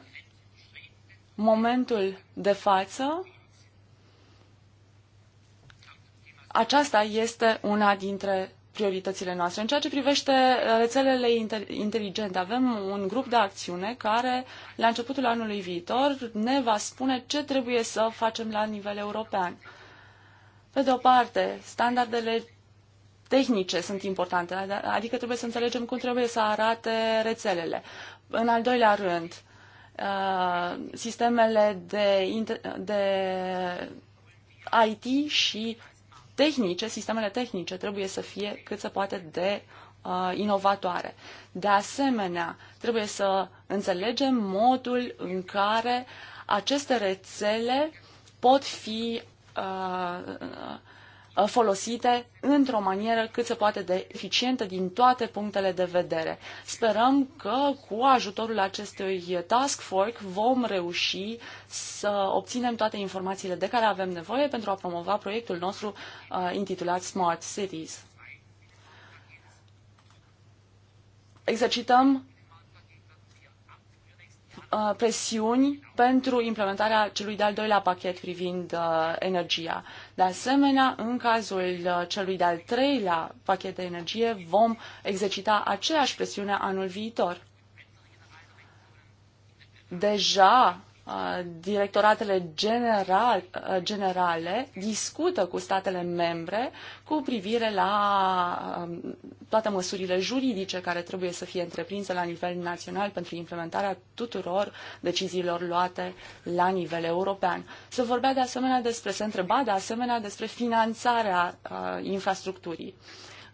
momentul de față, Aceasta este una dintre prioritățile noastre. În ceea ce privește rețelele inteligente, avem un grup de acțiune care, la începutul anului viitor, ne va spune ce trebuie să facem la nivel european. Pe de o parte, standardele tehnice sunt importante, adică trebuie să înțelegem cum trebuie să arate rețelele. În al doilea rând, uh, sistemele de, de IT și tehnice, sistemele tehnice trebuie să fie cât se poate de uh, inovatoare. De asemenea, trebuie să înțelegem modul în care aceste rețele pot fi uh, Uh, folosite într-o manieră cât se poate de eficientă din toate punctele de vedere. Sperăm că cu ajutorul acestui task force vom reuși să obținem toate informațiile de care avem nevoie pentru a promova proiectul nostru uh, intitulat Smart Cities. Exercităm Uh, presiuni pentru implementarea celui de-al doilea pachet privind uh, energia. De asemenea, în cazul uh, celui de-al treilea pachet de energie, vom exercita aceeași presiune anul viitor. Deja directoratele general, generale discută cu statele membre cu privire la toate măsurile juridice care trebuie să fie întreprinse la nivel național pentru implementarea tuturor deciziilor luate la nivel european. Se vorbea de asemenea despre, se întreba de asemenea despre finanțarea infrastructurii.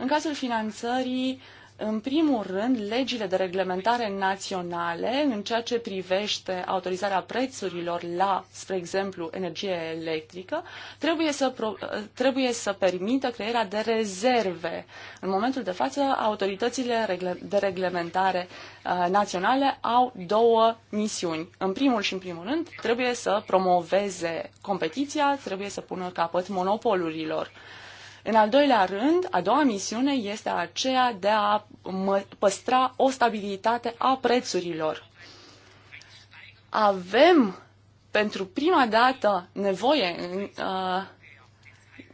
În cazul finanțării, uh, în primul rând, legile de reglementare naționale în ceea ce privește autorizarea prețurilor la, spre exemplu, energie electrică, trebuie să, trebuie să permită crearea de rezerve. În momentul de față, autoritățile de reglementare uh, naționale au două misiuni. În primul și în primul rând, trebuie să promoveze competiția, trebuie să pună capăt monopolurilor. În al doilea rând, a doua misiune este aceea de a păstra o stabilitate a prețurilor. Avem pentru prima dată nevoie uh,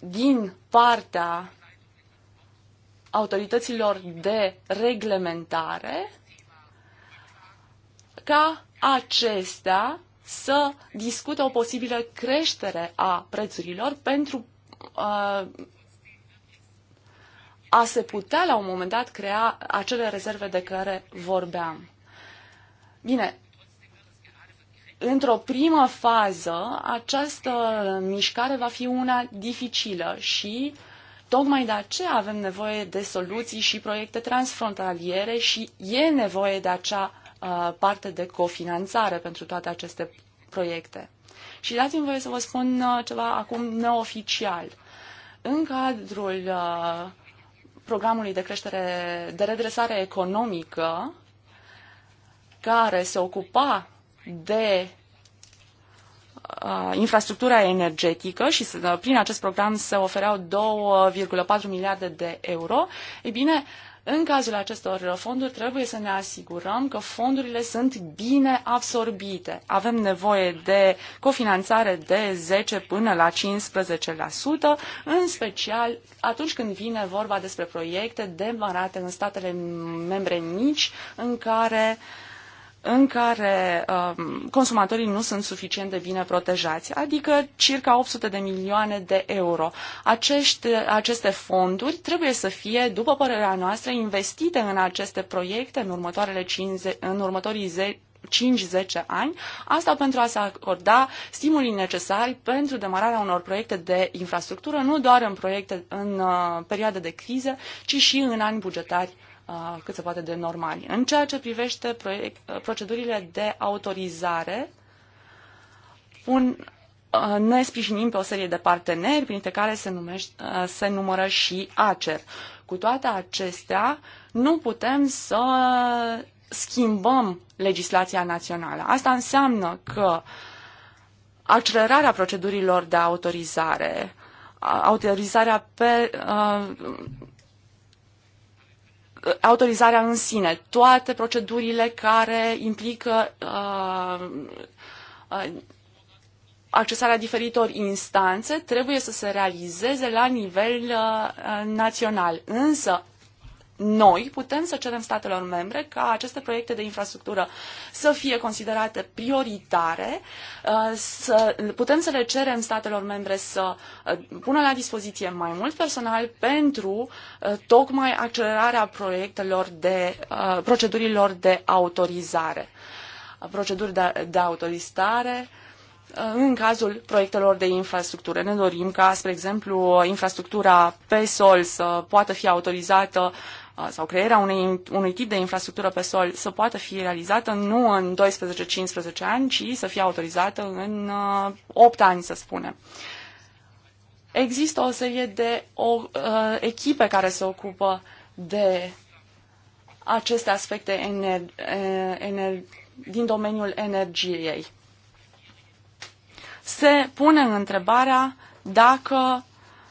din partea autorităților de reglementare ca acestea să discute o posibilă creștere a prețurilor pentru a se putea la un moment dat crea acele rezerve de care vorbeam. Bine, într-o primă fază, această mișcare va fi una dificilă și tocmai de aceea avem nevoie de soluții și proiecte transfrontaliere și e nevoie de acea uh, parte de cofinanțare pentru toate aceste proiecte. Și dați-mi voie să vă spun uh, ceva acum neoficial. În cadrul uh, programului de creștere, de redresare economică, care se ocupa de uh, infrastructura energetică și prin acest program se ofereau 2,4 miliarde de euro, e bine, uh, în cazul acestor fonduri trebuie să ne asigurăm că fondurile sunt bine absorbite. Avem nevoie de cofinanțare de 10 până la 15%, în special atunci când vine vorba despre proiecte demarate în statele membre mici în care uh, în care um, consumatorii nu sunt suficient de bine protejați, adică circa 800 de milioane de euro. Acești, aceste fonduri trebuie să fie, după părerea noastră, investite în aceste proiecte în, următoarele 50, în următorii 10 5-10 ani, asta pentru a se acorda stimulii necesari pentru demararea unor proiecte de infrastructură, nu doar în proiecte în uh, perioade de criză, ci și în ani bugetari cât se poate de normali. În ceea ce privește proiect, procedurile de autorizare, un, ne sprijinim pe o serie de parteneri, printre care se, numește, se numără și ACER. Cu toate acestea, nu putem să schimbăm legislația națională. Asta înseamnă că accelerarea procedurilor de autorizare, autorizarea pe, autorizarea în sine, toate procedurile care implică uh, uh, accesarea diferitor instanțe trebuie să se realizeze la nivel uh, național. Însă, noi putem să cerem statelor membre ca aceste proiecte de infrastructură să fie considerate prioritare, uh, să, putem să le cerem statelor membre să uh, pună la dispoziție mai mult personal pentru uh, tocmai accelerarea proiectelor de, procedurilor de autorizare. Proceduri de, de autorizare în cazul proiectelor de infrastructură. Ne dorim ca, spre exemplu, infrastructura pe sol să poată fi autorizată Uh, sau crearea unei, unui tip de infrastructură pe sol să poată fi realizată nu în 12-15 ani, ci să fie autorizată în 8 uh, ani, să spunem. Există o serie de o, uh, echipe care se ocupă de aceste aspecte ener, uh, ener, din domeniul energiei. Se pune întrebarea dacă,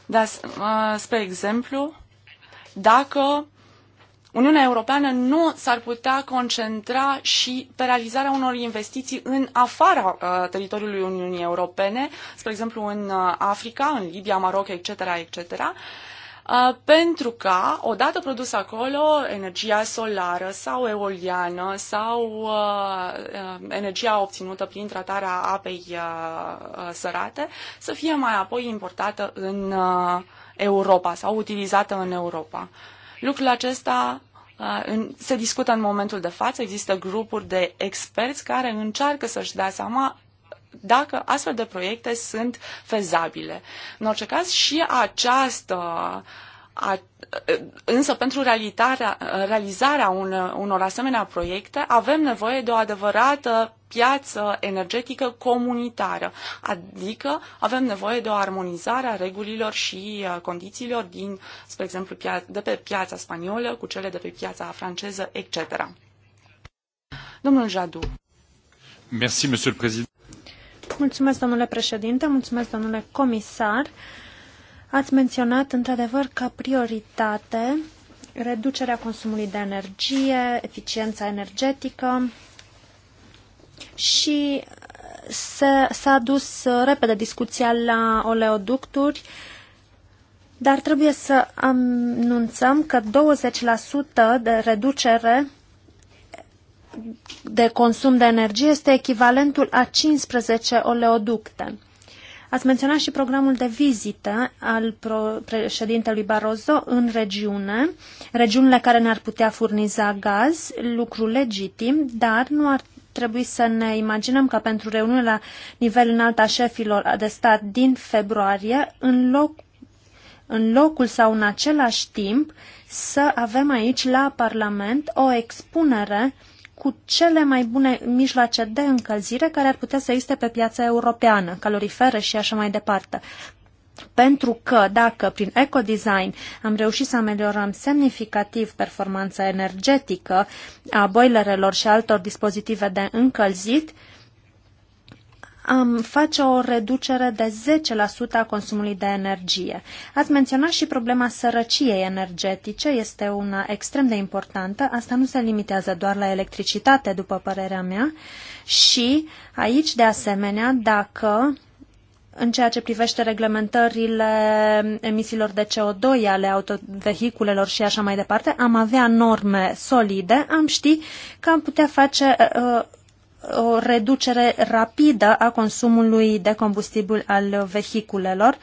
de, spre exemplu, dacă Uniunea Europeană nu s-ar putea concentra și pe realizarea unor investiții în afara uh, teritoriului Uniunii Europene, spre exemplu în uh, Africa, în Libia, Maroc, etc., etc., uh, pentru că, odată produs acolo, energia solară sau eoliană sau uh, energia obținută prin tratarea apei uh, sărate să fie mai apoi importată în uh, Europa sau utilizată în Europa. Lucrul acesta se discută în momentul de față, există grupuri de experți care încearcă să-și dea seama dacă astfel de proiecte sunt fezabile. În orice caz, și această uh, a, însă pentru realizarea, realizarea unor, unor asemenea proiecte avem nevoie de o adevărată piață energetică comunitară, adică avem nevoie de o armonizare a regulilor și uh, condițiilor din, spre exemplu, de pe piața spaniolă cu cele de pe piața franceză, etc. Domnul Jadu. Merci, Mulțumesc, domnule președinte, mulțumesc, domnule comisar. Uh, Ați menționat într-adevăr ca prioritate reducerea consumului de energie, eficiența energetică și s-a dus repede discuția la oleoducturi, dar trebuie să anunțăm că 20% de reducere de consum de energie este echivalentul a 15 oleoducte. Ați menționat și programul de vizită al președintelui Barroso în regiune, regiunile care ne-ar putea furniza gaz, lucru legitim, dar nu ar trebui să ne imaginăm că pentru reuniunea la nivel înalt a șefilor de stat din februarie, în loc în locul sau în același timp să avem aici la Parlament o expunere uh, cu cele mai bune mijloace de încălzire care ar putea să existe pe piața europeană, calorifere și așa mai departe. Pentru că dacă prin ecodesign am reușit să ameliorăm semnificativ performanța energetică a boilerelor și altor dispozitive de încălzit, uh, am face o reducere de 10% a consumului de energie. Ați menționat și problema sărăciei energetice, este una extrem de importantă. Asta nu se limitează doar la electricitate, după părerea mea. Și aici, de asemenea, dacă în ceea ce privește reglementările emisiilor de CO2 ale autovehiculelor și așa mai departe, am avea norme solide, am ști că am putea face uh, o reducere rapidă a consumului de combustibil al vehiculelor,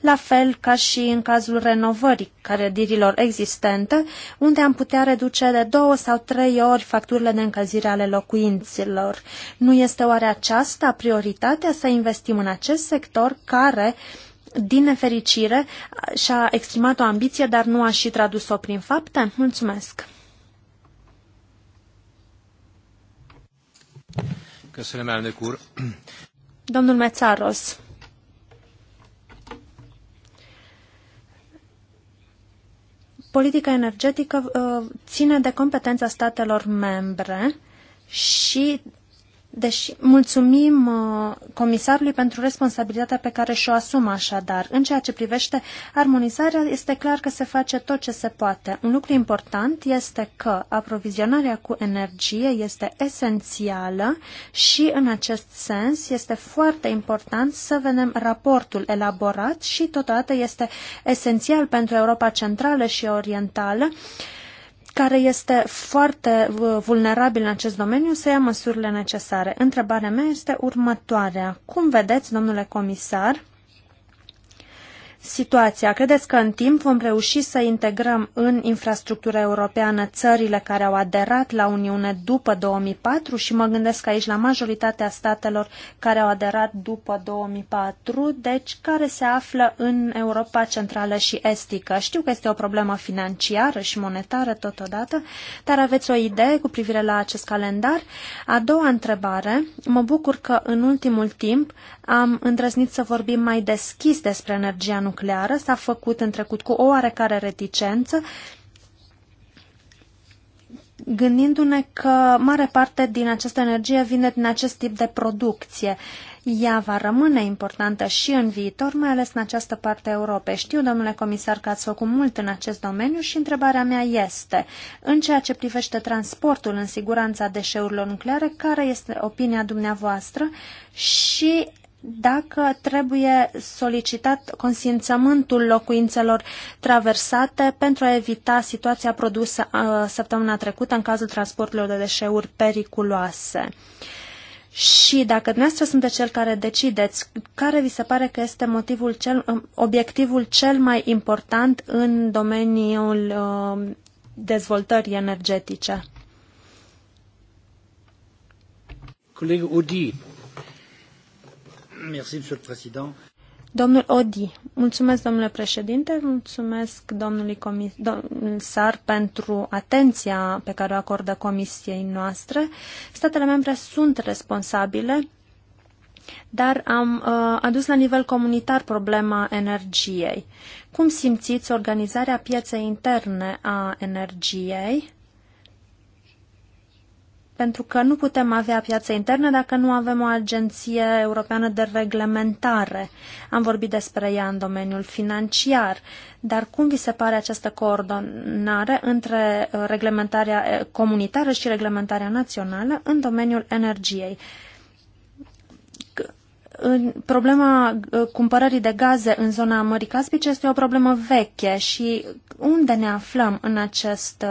la fel ca și în cazul renovării clădirilor existente, unde am putea reduce de două sau trei ori facturile de încălzire ale locuinților. Nu este oare aceasta prioritatea să investim în acest sector care din nefericire, și-a exprimat o ambiție, dar nu a și tradus-o prin fapte? Mulțumesc! Köszönöm, elnök úr. Domnul Mețaros. Politica energetică uh, ține de competența statelor membre și deci, mulțumim uh, comisarului pentru responsabilitatea pe care și-o asumă așadar. În ceea ce privește armonizarea, este clar că se face tot ce se poate. Un lucru important este că aprovizionarea cu energie este esențială și, în acest sens, este foarte important să vedem raportul elaborat și, totodată, este esențial pentru Europa Centrală și Orientală uh, care este foarte vulnerabil în acest domeniu, să ia măsurile necesare. Întrebarea mea este următoarea. Cum vedeți, domnule comisar, situația? Credeți că în timp vom reuși să integrăm în infrastructura europeană țările care au aderat la Uniune după 2004 și mă gândesc aici la majoritatea statelor care au aderat după 2004, deci care se află în Europa Centrală și Estică? Știu că este o problemă financiară și monetară totodată, dar aveți o idee cu privire la acest calendar? A doua întrebare, mă bucur că în ultimul timp am îndrăznit să vorbim mai deschis despre energia nucleară nucleară s-a făcut în trecut cu o oarecare reticență, gândindu-ne că mare parte din această energie vine din acest tip de producție. Ea va rămâne importantă și în viitor, mai ales în această parte a Europei. Știu, domnule comisar, că ați făcut mult în acest domeniu și întrebarea mea este, în ceea ce privește transportul în siguranța deșeurilor nucleare, care este opinia dumneavoastră și dacă trebuie solicitat consimțământul locuințelor traversate pentru a evita situația produsă uh, săptămâna trecută în cazul transporturilor de deșeuri periculoase. Și dacă dumneavoastră sunteți cel care decideți, care vi se pare că este motivul cel, um, obiectivul cel mai important în domeniul um, dezvoltării energetice? Colegul Udi. Domnul Odi, mulțumesc, domnule președinte, mulțumesc domnului comisar pentru atenția pe care o acordă comisiei noastre. Statele membre sunt responsabile, dar am uh, adus la nivel comunitar problema energiei. Cum simțiți organizarea pieței interne a energiei? pentru că nu putem avea piață internă dacă nu avem o agenție europeană de reglementare. Am vorbit despre ea în domeniul financiar, dar cum vi se pare această coordonare între uh, reglementarea uh, comunitară și reglementarea națională în domeniul energiei? problema uh, cumpărării de gaze în zona Mării Caspice este o problemă veche și unde ne aflăm în acest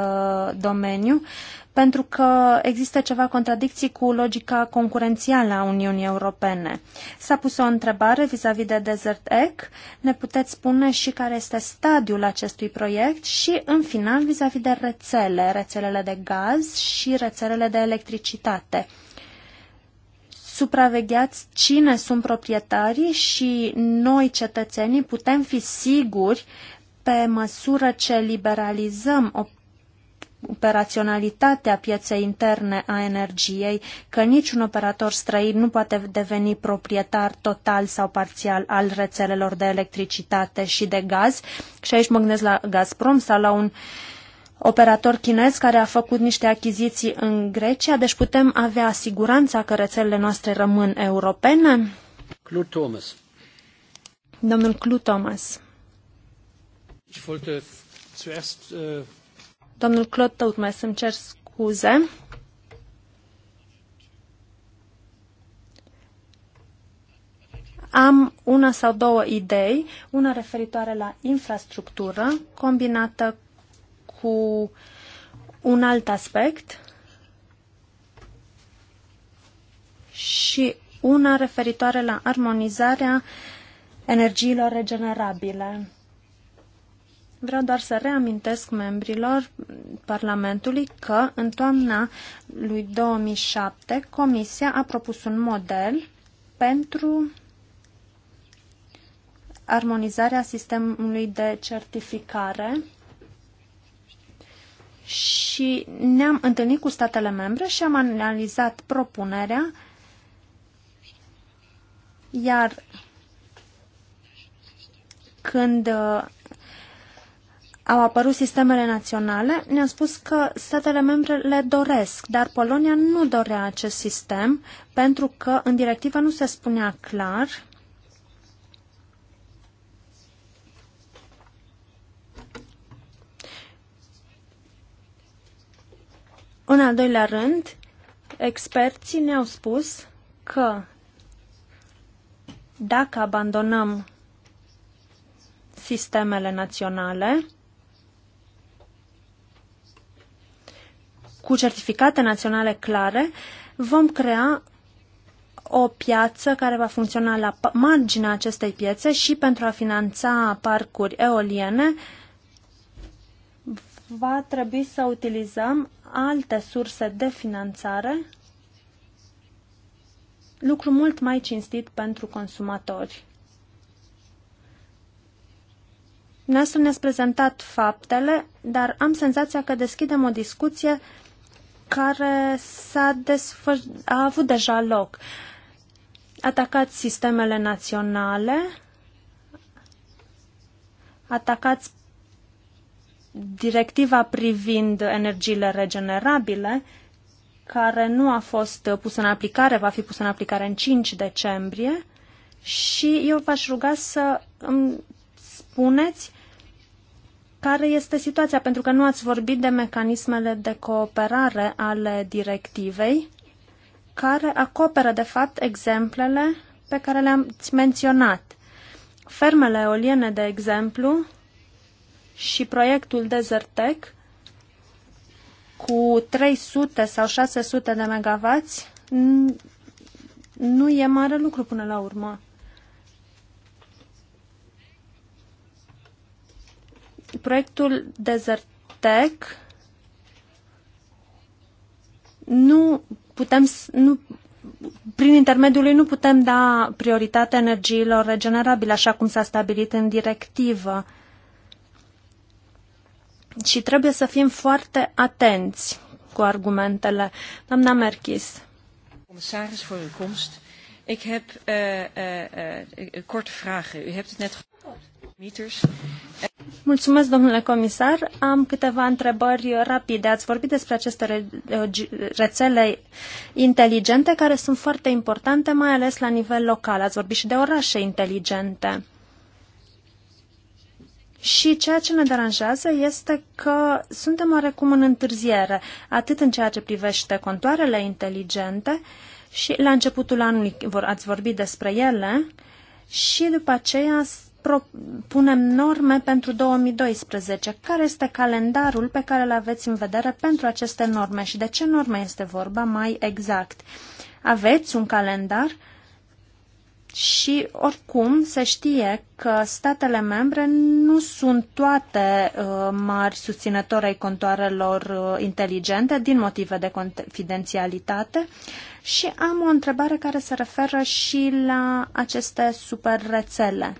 domeniu pentru că există ceva contradicții cu logica concurențială a Uniunii Europene. S-a pus o întrebare vis-a-vis -vis de Desert Egg. Ne puteți spune și care este stadiul acestui proiect și, în final, vis-a-vis -vis de rețele, rețelele de gaz și rețelele de electricitate supravegheați cine sunt proprietarii și noi, cetățenii, putem fi siguri pe măsură ce liberalizăm o operaționalitatea pieței interne a energiei, că niciun operator străin nu poate deveni proprietar total sau parțial al rețelelor de electricitate și de gaz. Și aici mă gândesc la Gazprom sau la un operator chinez care a făcut niște achiziții în Grecia, deci putem avea siguranța că rețelele noastre rămân europene? Clut Thomas. Domnul Clu Thomas. Ich wollte zuerst äh, Domnul Claude Tăutmes, îmi cer scuze. Am una sau două idei, una referitoare la infrastructură, combinată cu un alt aspect și una referitoare la armonizarea energiilor regenerabile. Vreau doar să reamintesc membrilor Parlamentului că în toamna lui 2007 Comisia a propus un model pentru armonizarea sistemului de certificare și ne-am întâlnit cu statele membre și am analizat propunerea, iar când uh, au apărut sistemele naționale, ne-a spus că statele membre le doresc, dar Polonia nu dorea acest sistem pentru că în directivă nu se spunea clar În al doilea rând, experții ne-au spus că dacă abandonăm sistemele naționale, cu certificate naționale clare, vom crea o piață care va funcționa la marginea acestei piețe și pentru a finanța parcuri eoliene va trebui să utilizăm alte surse de finanțare, lucru mult mai cinstit pentru consumatori. Dumneavoastră ne-ați prezentat faptele, dar am senzația că deschidem o discuție care s-a desfăr- a avut deja loc. Atacați sistemele naționale, atacați directiva privind energiile regenerabile, care nu a fost pusă în aplicare, va fi pusă în aplicare în 5 decembrie și eu v-aș ruga să îmi spuneți care este situația, pentru că nu ați vorbit de mecanismele de cooperare ale directivei, care acoperă, de fapt, exemplele pe care le-am menționat. Fermele eoliene, de exemplu, și proiectul Desertec cu 300 sau 600 de megavați nu e mare lucru până la urmă. proiectul Desertec nu putem, nu, prin intermediul lui nu putem da prioritate energiilor regenerabile, așa cum s-a stabilit în directivă. Și trebuie să fim foarte atenți cu argumentele. Doamna Merchis. Commissaris, voor uw komst. Ik heb uh, uh, uh, korte vragen. U hebt het net... Mulțumesc, domnule comisar. Am câteva întrebări rapide. Ați vorbit despre aceste rețele inteligente care sunt foarte importante, mai ales la nivel local. Ați vorbit și de orașe inteligente. Și ceea ce ne deranjează este că suntem oarecum în întârziere, atât în ceea ce privește contoarele inteligente și la începutul anului ați vorbit despre ele și după aceea propunem norme pentru 2012. Care este calendarul pe care îl aveți în vedere pentru aceste norme și de ce norme este vorba mai exact? Aveți un calendar? Și oricum se știe că statele membre nu sunt toate uh, mari susținători ai contoarelor uh, inteligente din motive de confidențialitate și am o întrebare care se referă și la aceste super rețele.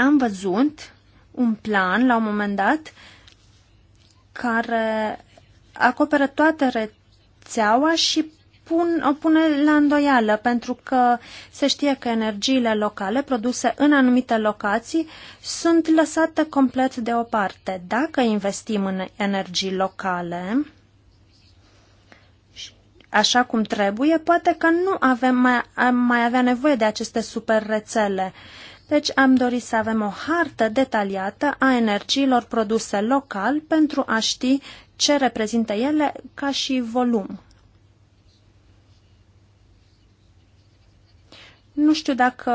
Am văzut un plan la un moment dat care acoperă toată rețeaua și pun, o pune la îndoială, pentru că se știe că energiile locale produse în anumite locații sunt lăsate complet deoparte. Dacă investim în energii locale, așa cum trebuie, poate că nu avem mai, mai avea nevoie de aceste super rețele. Uh, deci am dorit să avem o hartă detaliată a energiilor produse local pentru a ști ce reprezintă ele ca și volum. Nu știu dacă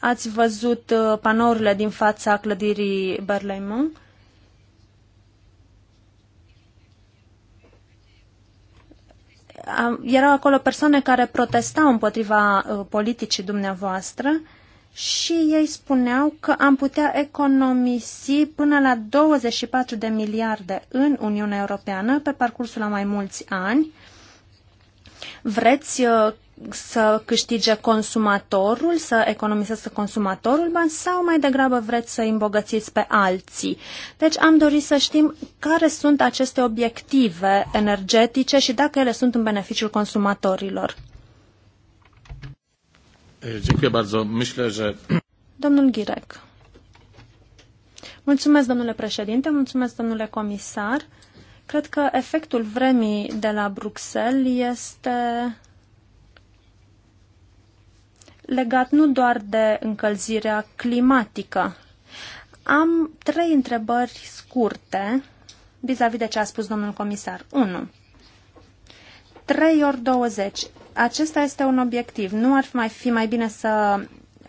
ați văzut uh, panourile din fața clădirii Berlaymont. erau acolo persoane care protestau împotriva uh, politicii dumneavoastră și ei spuneau că am putea economisi până la 24 de miliarde în Uniunea Europeană pe parcursul a mai mulți ani. Vreți uh, să câștige consumatorul, să economisească consumatorul bani sau mai degrabă vreți să îmbogățiți pe alții. Deci am dorit să știm care sunt aceste obiective energetice și dacă ele sunt în beneficiul consumatorilor. Domnul Ghirec. Mulțumesc, domnule președinte, mulțumesc, domnule comisar. Cred că efectul vremii de la Bruxelles este legat nu doar de încălzirea climatică. Am trei întrebări scurte vis-a-vis -vis de ce a spus domnul comisar. 1. 3 ori 20 acesta este un obiectiv. Nu ar mai fi mai bine să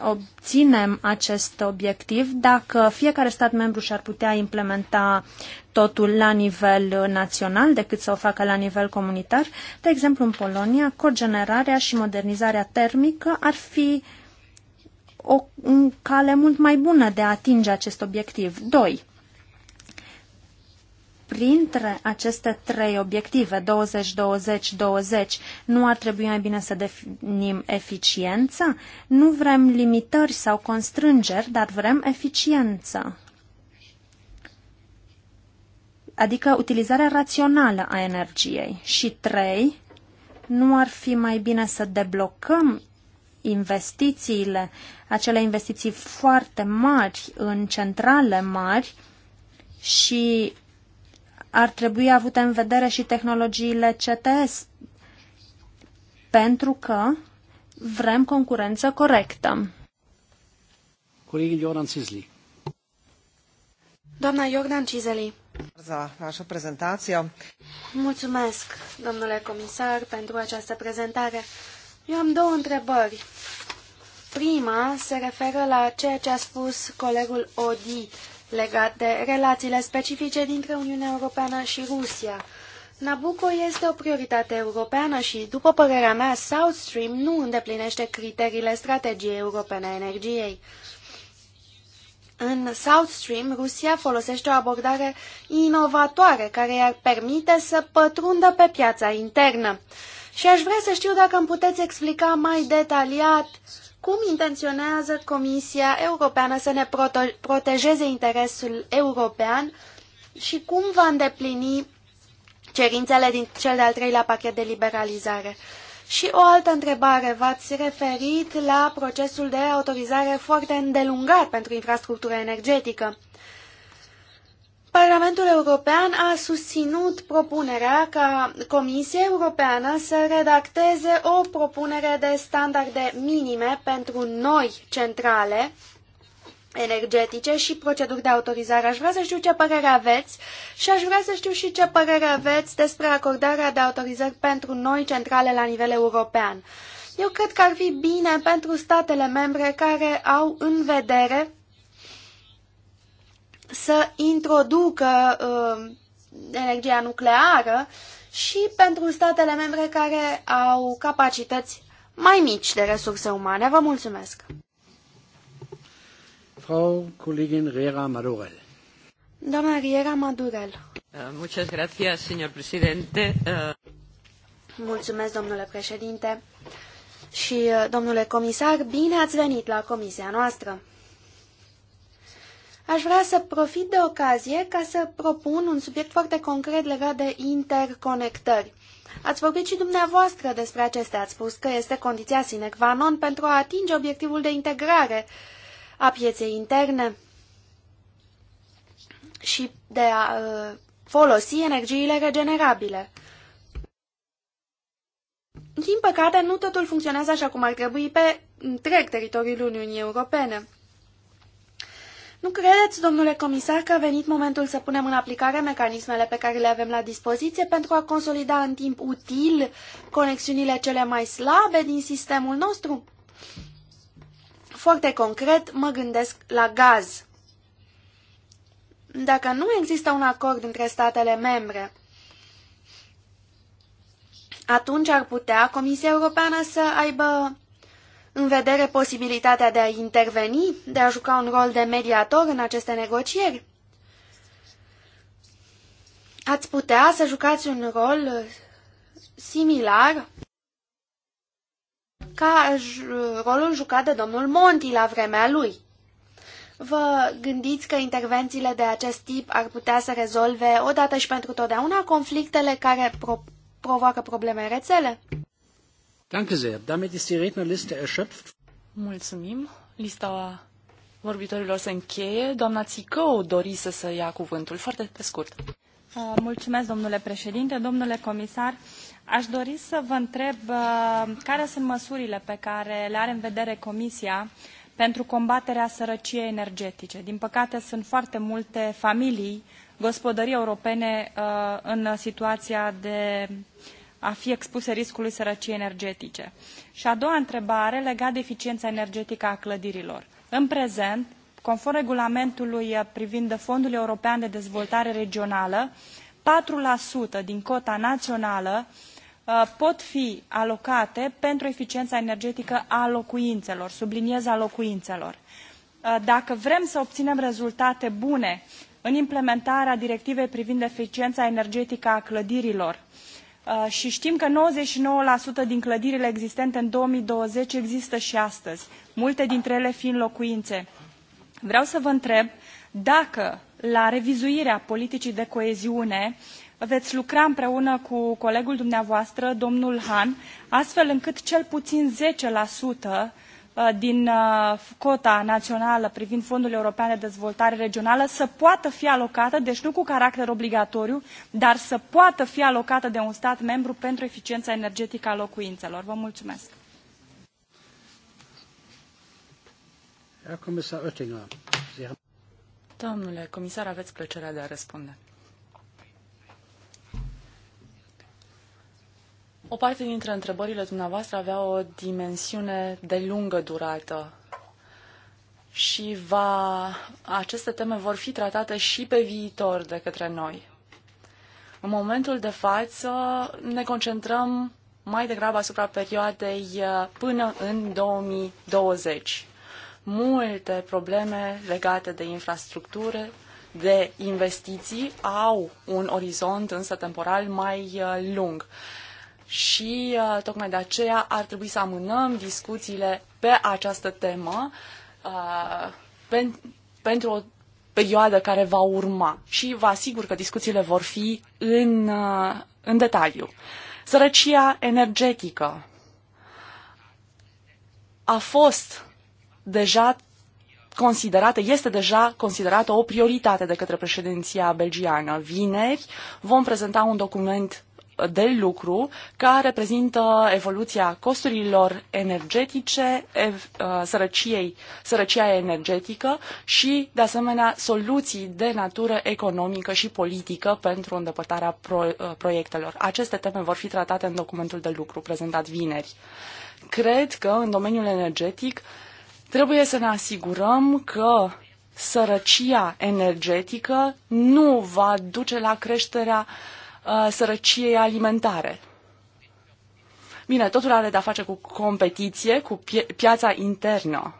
obținem acest obiectiv dacă fiecare stat membru și-ar putea implementa totul la nivel național decât să o facă la nivel comunitar. De exemplu, în Polonia, cogenerarea și modernizarea termică ar fi o cale mult mai bună de a atinge acest obiectiv. Doi printre aceste trei obiective, 20-20-20, nu ar trebui mai bine să definim eficiența? Nu vrem limitări sau constrângeri, dar vrem eficiență. Adică utilizarea rațională a energiei. Și trei, nu ar fi mai bine să deblocăm investițiile, acele investiții foarte mari în centrale mari și ar trebui avute în vedere și tehnologiile CTS, pentru că vrem concurență corectă. Colegul Ioran Cizli. Doamna Iordan Cizeli. Za prezentație. Mulțumesc, domnule comisar, pentru această prezentare. Eu am două întrebări. Prima se referă la ceea ce a spus colegul Odi legat de relațiile specifice dintre Uniunea Europeană și Rusia. Nabucco este o prioritate europeană și, după părerea mea, South Stream nu îndeplinește criteriile strategiei europene a energiei. În South Stream, Rusia folosește o abordare inovatoare care i-ar permite să pătrundă pe piața internă. Și aș vrea să știu dacă îmi puteți explica mai detaliat uh, cum intenționează Comisia Europeană să ne protejeze interesul european și cum va îndeplini cerințele din cel de-al treilea pachet de liberalizare? Și o altă întrebare, v-ați referit la procesul de autorizare foarte îndelungat pentru infrastructura energetică. Parlamentul European a susținut propunerea ca Comisia Europeană să redacteze o propunere de standarde minime pentru noi centrale energetice și proceduri de autorizare. Aș vrea să știu ce părere aveți și aș vrea să știu și ce părere aveți despre acordarea de autorizări pentru noi centrale la nivel european. Eu cred că ar fi bine pentru statele membre care au în vedere să introducă uh, energia nucleară și pentru statele membre care au capacități mai mici de resurse umane. Vă mulțumesc! Frau Kollegin Riera Madurel. Doamna Riera Madurel. Uh, eh, muchas gracias, señor presidente. Uh... Mulțumesc, domnule președinte. Și, eh, domnule comisar, bine ați venit la comisia noastră. Aș vrea să profit de ocazie ca să propun un subiect foarte concret legat de interconectări. Ați vorbit și dumneavoastră despre acestea, ați spus că este condiția sine qua non pentru a atinge obiectivul de integrare a pieței interne și de a uh, folosi energiile regenerabile. Din păcate, nu totul funcționează așa cum ar trebui pe întreg teritoriul Uniunii Europene. Nu credeți, domnule comisar, că a venit momentul să punem în aplicare mecanismele pe care le avem la dispoziție pentru a consolida în timp util conexiunile cele mai slabe din sistemul nostru? Foarte concret, mă gândesc la gaz. Dacă nu există un acord între statele membre, atunci ar putea Comisia Europeană să aibă în vedere posibilitatea de a interveni, de a juca un rol de mediator în aceste negocieri? Ați putea să jucați un rol similar ca rolul jucat de domnul Monti la vremea lui. Vă gândiți că intervențiile de acest tip ar putea să rezolve odată și pentru totdeauna conflictele care pro provoacă probleme în rețele? Danke sehr. Damit ist die Rednerliste erschöpft. Mulțumim. Lista vorbitorilor se încheie. Doamna Țicău dorise să ia cuvântul. Foarte pe scurt. Uh, mulțumesc, domnule președinte, domnule comisar. Aș dori să vă întreb uh, care sunt măsurile pe care le are în vedere Comisia pentru combaterea sărăciei energetice. Din păcate, sunt foarte multe familii, gospodării europene uh, în situația de uh, a fi expuse riscului sărăciei energetice. Și a doua întrebare legată de eficiența energetică a clădirilor. În prezent, conform regulamentului privind Fondul European de Dezvoltare Regională, 4% din cota națională uh, pot fi alocate pentru eficiența energetică a locuințelor, subliniez a locuințelor. Uh, dacă vrem să obținem rezultate bune în implementarea directivei privind eficiența energetică a clădirilor, Uh, și știm că 99% din clădirile existente în 2020 există și astăzi, multe dintre ele fiind locuințe. Vreau să vă întreb dacă la revizuirea politicii de coeziune veți lucra împreună cu colegul dumneavoastră, domnul Han, astfel încât cel puțin 10% Uh, din uh, cota națională privind Fondul European de Dezvoltare Regională să poată fi alocată, deci nu cu caracter obligatoriu, dar să poată fi alocată de un stat membru pentru eficiența energetică a locuințelor. Vă mulțumesc. Comisar Domnule comisar, aveți plăcerea de a răspunde. O parte dintre întrebările dumneavoastră avea o dimensiune de lungă durată și va, aceste teme vor fi tratate și pe viitor de către noi. În momentul de față ne concentrăm mai degrabă asupra perioadei uh, până în 2020. Multe probleme legate de infrastructură, de investiții au un orizont însă temporal mai uh, lung și uh, tocmai de aceea ar trebui să amânăm discuțiile pe această temă uh, pentru o perioadă care va urma și vă asigur că discuțiile vor fi în, uh, în detaliu. Sărăcia energetică a fost deja considerată, este deja considerată o prioritate de către președinția belgiană. Vineri vom prezenta un document de lucru care prezintă evoluția costurilor energetice, uh, sărăciei, sărăcia energetică și, de asemenea, soluții de natură economică și politică pentru îndepărtarea pro, uh, proiectelor. Aceste teme vor fi tratate în documentul de lucru prezentat vineri. Cred că în domeniul energetic trebuie să ne asigurăm că sărăcia energetică nu va duce la creșterea uh, Uh, sărăciei alimentare. Bine, totul are de-a face cu competiție, cu pie- piața internă.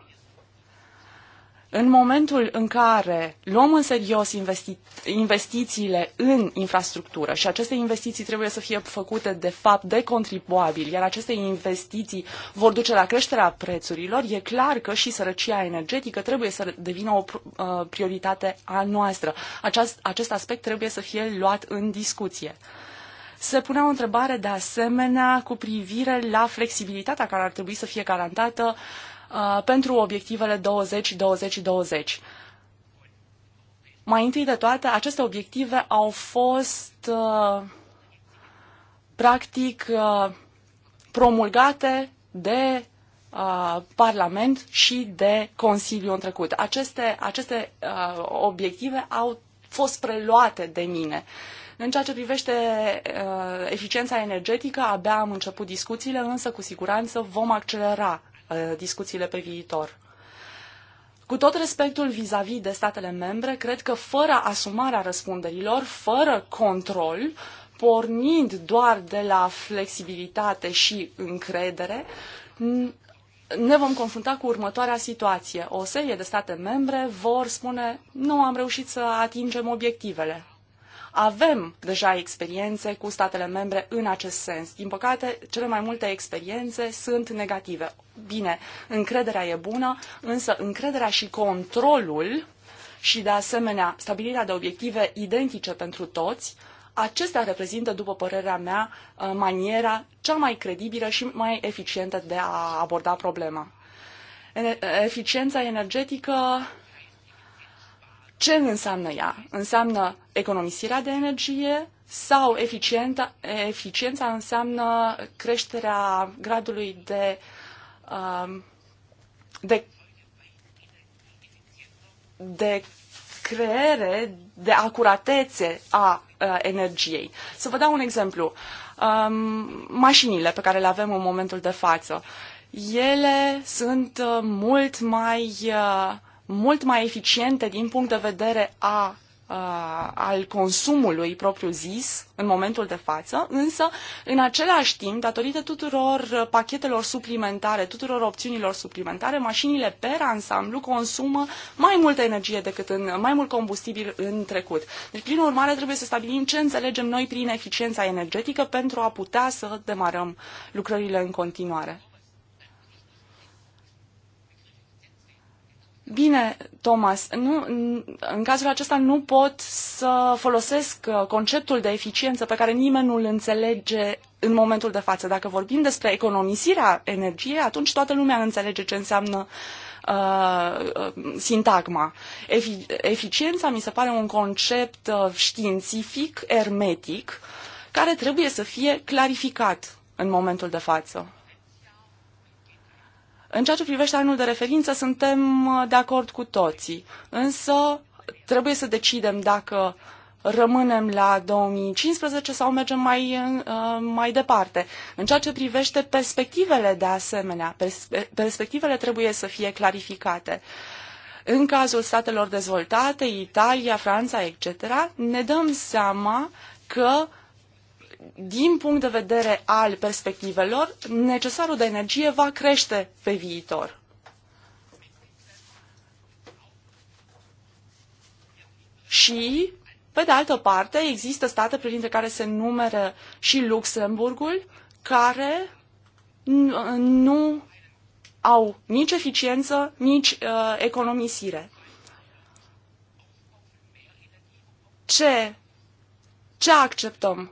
În momentul în care luăm în serios investi- investițiile în infrastructură și aceste investiții trebuie să fie făcute de fapt de contribuabili, iar aceste investiții vor duce la creșterea prețurilor, e clar că și sărăcia energetică trebuie să devină o uh, prioritate a noastră. Aceast, acest aspect trebuie să fie luat în discuție. Se punea o întrebare de asemenea cu privire la flexibilitatea care ar trebui să fie garantată uh, Uh, pentru obiectivele 20, 20, 20. Mai întâi de toate, aceste obiective au fost uh, practic uh, promulgate de Parlament și de Consiliu în trecut. Aceste, aceste uh, obiective au fost preluate de mine. În ceea ce privește uh, eficiența energetică, abia am început discuțiile, însă cu siguranță vom accelera Uh, discuțiile pe viitor. Cu tot respectul vis-a-vis -vis de statele membre, cred că fără asumarea răspunderilor, fără control, pornind doar de la flexibilitate și încredere, ne vom confrunta cu următoarea situație. O serie de state membre vor spune nu am reușit să atingem obiectivele avem deja experiențe cu statele membre în acest sens. Din păcate, cele mai multe experiențe sunt negative. Bine, încrederea e bună, însă încrederea și controlul și, de asemenea, stabilirea de obiective identice pentru toți, acestea reprezintă, după părerea mea, uh, maniera cea mai credibilă și mai eficientă de a aborda problema. Eficiența energetică ce înseamnă ea? Înseamnă economisirea de energie sau eficienta, eficiența înseamnă creșterea gradului de, um, de, de creere, de acuratețe a uh, energiei. Să vă dau un exemplu. Um, mașinile pe care le avem în momentul de față, ele sunt uh, mult mai uh, mult mai eficiente din punct de vedere a al consumului propriu zis în momentul de față, însă în același timp, datorită tuturor pachetelor suplimentare, tuturor opțiunilor suplimentare, mașinile per ansamblu consumă mai multă energie decât în, mai mult combustibil în trecut. Deci, prin urmare, trebuie să stabilim ce înțelegem noi prin eficiența energetică pentru a putea să demarăm lucrările în continuare. Bine, Thomas, nu, în cazul acesta nu pot să folosesc uh, conceptul de eficiență pe care nimeni nu îl înțelege în momentul de față. Dacă vorbim despre economisirea energiei, atunci toată lumea înțelege ce înseamnă uh, uh sintagma. Efi- eficiența mi se pare un concept uh, științific, ermetic, care trebuie să fie clarificat în momentul de față. În ceea ce privește anul de referință, suntem uh, de acord cu toții, însă trebuie să decidem dacă rămânem la 2015 sau mergem mai, uh, mai departe. În ceea ce privește perspectivele de asemenea, perspectivele trebuie să fie clarificate. În cazul statelor dezvoltate, Italia, Franța, etc., ne dăm seama că uh, din punct de vedere al perspectivelor, necesarul de energie va crește pe viitor. Și, pe de altă parte, există state printre care se numără și Luxemburgul, care nu au nici eficiență, nici uh, economisire. Ce, ce acceptăm?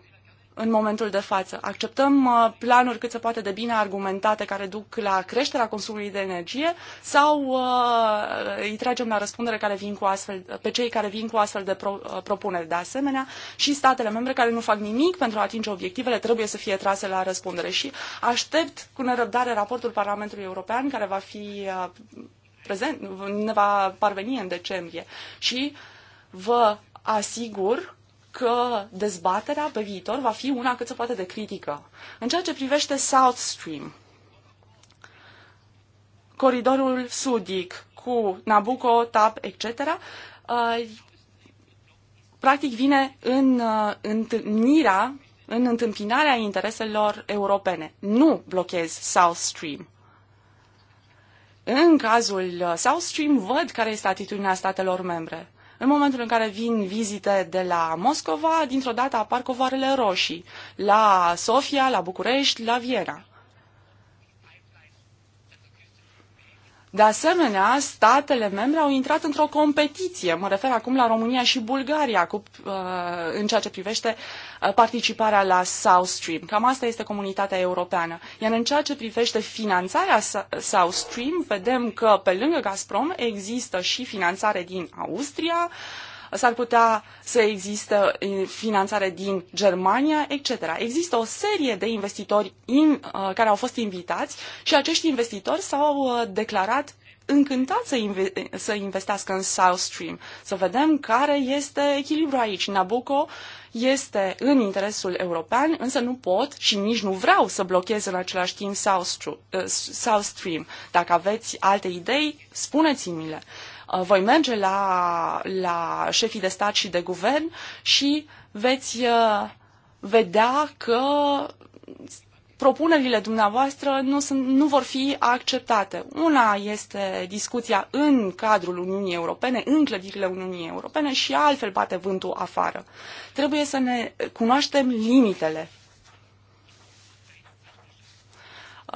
în momentul de față. Acceptăm uh, planuri cât se poate de bine argumentate care duc la creșterea consumului de energie sau uh, îi tragem la răspundere care vin cu astfel, pe cei care vin cu astfel de pro, uh, propuneri. De asemenea, și statele membre care nu fac nimic pentru a atinge obiectivele trebuie să fie trase la răspundere și aștept cu nerăbdare raportul Parlamentului European care va fi uh, prezent, ne va parveni în decembrie și vă asigur că dezbaterea pe viitor va fi una cât se poate de critică. În ceea ce privește South Stream, coridorul sudic cu Nabucco, TAP, etc., uh, practic vine în uh, întâlnirea, în întâmpinarea intereselor europene. Nu blochez South Stream. În cazul uh, South Stream văd care este atitudinea statelor membre. În momentul în care vin vizite de la Moscova, dintr-o dată apar covoarele roșii la Sofia, la București, la Viena. De asemenea, statele membre au intrat într-o competiție, mă refer acum la România și Bulgaria, cu, uh, în ceea ce privește uh, participarea la South Stream. Cam asta este comunitatea europeană. Iar în ceea ce privește finanțarea South Stream, vedem că pe lângă Gazprom există și finanțare din Austria, uh, s-ar putea să existe eh, finanțare din Germania, etc. Există o serie de investitori in, eh, care au fost invitați și acești investitori s-au eh, declarat încântat să, inv- să investească în South Stream. Să vedem care este echilibru aici. Nabucco este în interesul european, însă nu pot și nici nu vreau să blochez în același timp South, Stream. Dacă aveți alte idei, spuneți-mi-le. Uh, voi merge la, la șefii de stat și de guvern și veți uh, vedea că propunerile dumneavoastră nu, sunt, nu vor fi acceptate. Una este discuția în cadrul Uniunii Europene, în clădirile Uniunii Europene și altfel bate vântul afară. Trebuie să ne cunoaștem limitele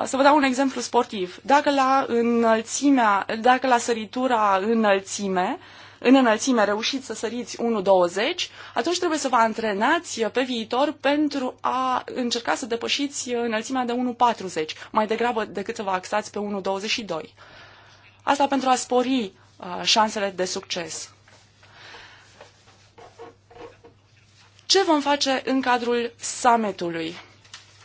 să vă dau un exemplu sportiv. Dacă la înălțimea, dacă la săritura înălțime, în înălțime reușiți să săriți 1,20, atunci trebuie să vă antrenați pe viitor pentru a încerca să depășiți înălțimea de 1,40, mai degrabă decât să vă axați pe 1,22. Asta pentru a spori șansele de succes. Ce vom face în cadrul summitului?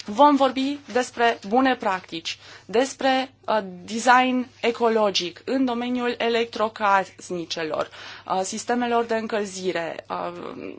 vom vorbi despre bune practici, despre uh, design ecologic în domeniul electrocasnicelor, uh, sistemelor de încălzire, uh,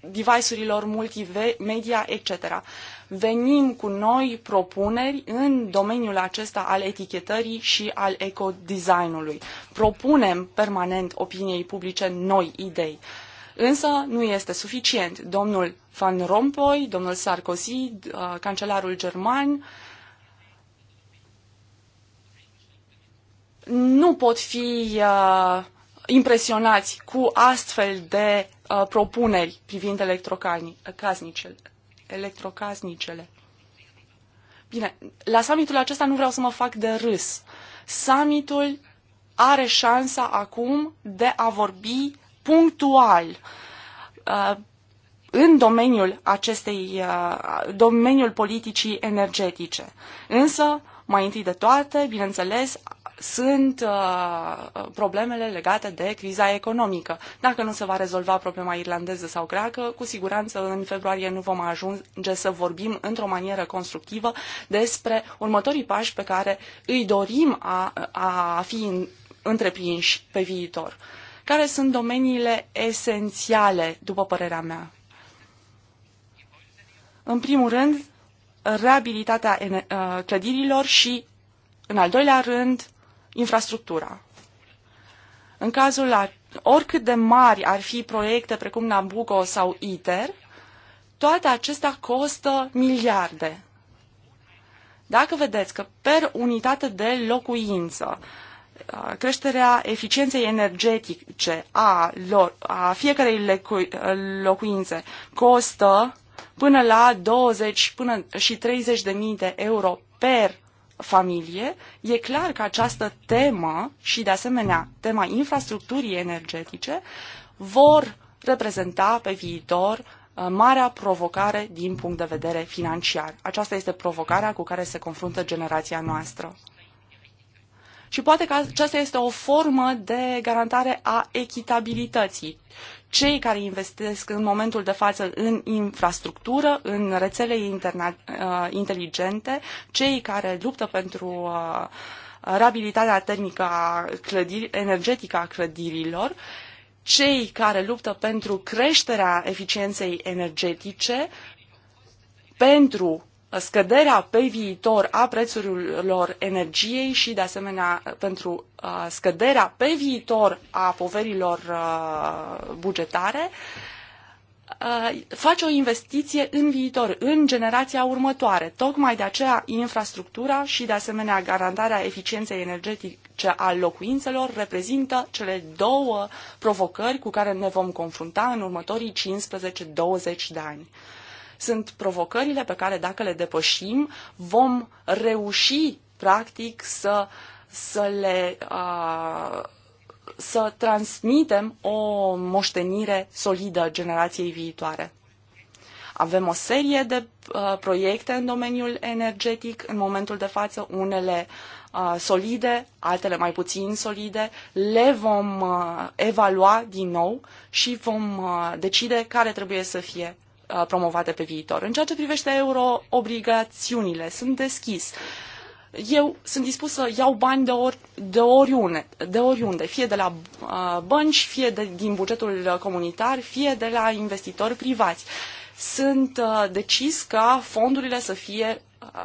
device-urilor multimedia, etc. Venim cu noi propuneri în domeniul acesta al etichetării și al ecodesignului. Propunem permanent opiniei publice noi idei. Uh, Însă nu este suficient. Domnul Van Rompuy, domnul Sarkozy, uh, cancelarul german, nu pot fi uh, impresionați cu astfel de uh, propuneri privind electrocasnicele. Bine, la summitul acesta nu vreau să mă fac de râs. Summitul are șansa acum de a vorbi punctual uh, în domeniul acestei, uh, domeniul politicii energetice. Însă, mai întâi de toate, bineînțeles, sunt uh, problemele legate de criza economică. Dacă nu se va rezolva problema irlandeză sau greacă, cu siguranță în februarie nu vom ajunge să vorbim într-o manieră constructivă despre următorii pași pe care îi dorim a, a fi întreprinși pe viitor. Uh, care sunt domeniile esențiale, după părerea mea? În primul rând, reabilitatea uh, clădirilor și, în al doilea rând, infrastructura. În cazul la oricât de mari ar fi proiecte precum Nabucco sau ITER, toate acestea costă miliarde. Dacă vedeți că per unitate de locuință creșterea eficienței energetice a, lor, a fiecarei locuințe costă până la 20 până și 30 de mii de euro per familie, e clar că această temă și de asemenea tema infrastructurii energetice vor reprezenta pe viitor marea provocare din punct de vedere financiar. Aceasta este provocarea cu care se confruntă generația noastră. Și poate că aceasta este o formă de garantare a echitabilității. Cei care investesc în momentul de față în infrastructură, în rețele uh, inteligente, cei care luptă pentru uh, reabilitarea termică a clădiri, energetică a clădirilor, cei care luptă pentru creșterea eficienței energetice, pentru scăderea pe viitor a prețurilor energiei și, de asemenea, pentru uh, scăderea pe viitor a poverilor uh, bugetare, uh, face o investiție în viitor, în generația următoare. Tocmai de aceea infrastructura și de asemenea garantarea eficienței energetice a locuințelor reprezintă cele două provocări cu care ne vom confrunta în următorii 15-20 de ani. Sunt provocările pe care, dacă le depășim, vom reuși, practic, să, să le. Uh, să transmitem o moștenire solidă generației viitoare. Avem o serie de uh, proiecte în domeniul energetic în momentul de față, unele uh, solide, altele mai puțin solide. Le vom uh, evalua din nou și vom decide care trebuie să fie Uh, promovate pe viitor. În ceea ce privește euroobligațiunile, sunt deschis. Eu sunt dispus să iau bani de, ori, de, oriune, de oriunde, fie de la uh, bănci, fie de, din bugetul comunitar, fie de la investitori privați. Sunt uh, decis ca fondurile să fie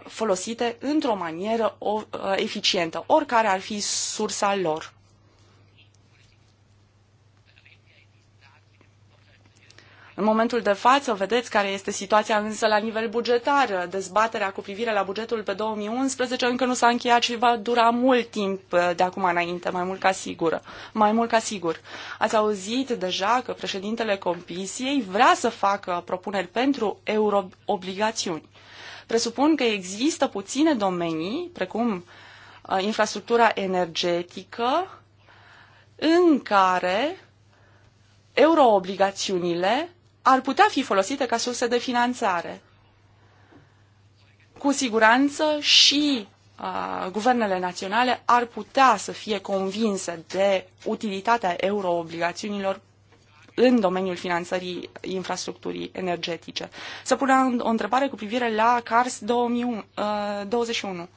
folosite într-o manieră eficientă, oricare ar fi sursa lor. În momentul de față, vedeți care este situația însă la nivel bugetar. Dezbaterea cu privire la bugetul pe 2011 încă nu s-a încheiat și va dura mult timp uh, de acum înainte, mai mult ca sigur. Mai mult ca sigur. Ați auzit deja că președintele Comisiei vrea să facă propuneri pentru euroobligațiuni. Presupun că există puține domenii, precum uh, infrastructura energetică, în care euroobligațiunile ar putea fi folosite ca surse de finanțare. Cu siguranță și uh, guvernele naționale ar putea să fie convinse de utilitatea euroobligațiunilor în domeniul finanțării infrastructurii energetice. Să punem o întrebare cu privire la CARS 2021. Uh,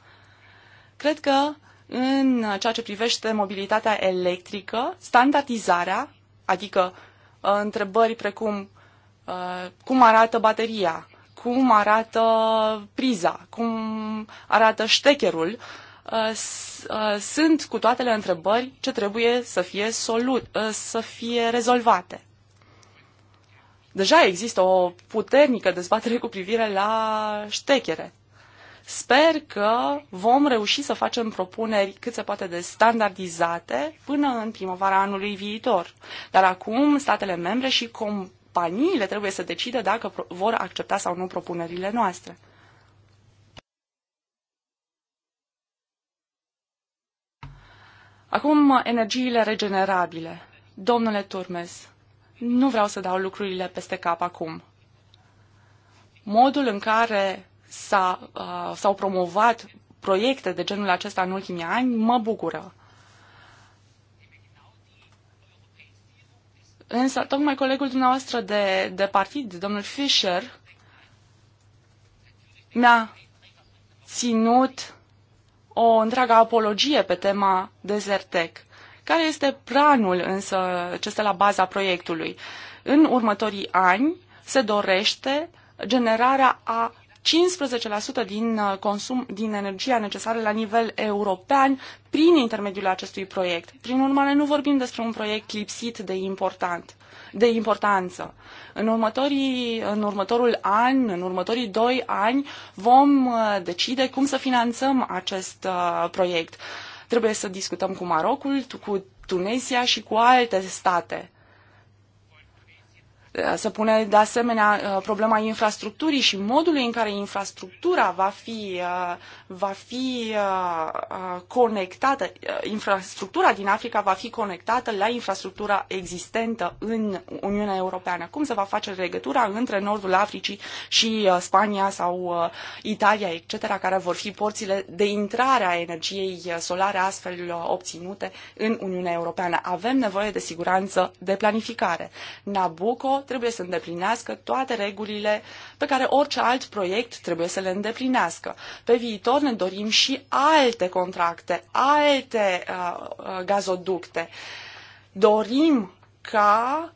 Cred că în ceea ce privește mobilitatea electrică, standardizarea, adică uh, întrebări precum Uh, cum arată bateria, cum arată priza, cum arată ștecherul, uh, uh, sunt cu toate le întrebări ce trebuie să fie, solut, să fie rezolvate. Deja există o puternică dezbatere cu privire la ștechere. Sper că vom reuși să facem propuneri cât se poate de standardizate până în primăvara anului viitor. Dar acum statele membre și com- companiile trebuie să decidă dacă vor accepta sau nu propunerile noastre. Acum, energiile regenerabile. Domnule Turmes, nu vreau să dau lucrurile peste cap acum. Modul în care uh, s-au uh, promovat proiecte de genul acesta în ultimii ani mă bucură. Însă, tocmai colegul dumneavoastră de, de partid, domnul Fischer, mi-a ținut o întreagă apologie pe tema Desertec. Care este planul însă ce este la baza proiectului? În următorii ani se dorește generarea a 15% din, uh, consum, din energia necesară la nivel european prin intermediul acestui proiect. Prin urmare, nu vorbim despre un proiect lipsit de important de importanță. În, următorii, în următorul an, în următorii doi ani, vom uh, decide cum să finanțăm acest uh, proiect. Trebuie să discutăm cu Marocul, cu Tunisia și cu alte state. Se pune de asemenea uh, problema infrastructurii și modului în care infrastructura va fi, uh, va fi uh, conectată, infrastructura din Africa va fi conectată la infrastructura existentă în Uniunea Europeană. Cum se va face legătura între Nordul Africii și Spania sau Italia, etc., care vor fi porțile de intrare a energiei solare astfel obținute în Uniunea Europeană. Avem nevoie de siguranță de planificare. Nabucco trebuie să îndeplinească toate regulile pe care orice alt proiect trebuie să le îndeplinească. Pe viitor ne dorim și alte contracte, alte uh, uh gazoducte. Dorim ca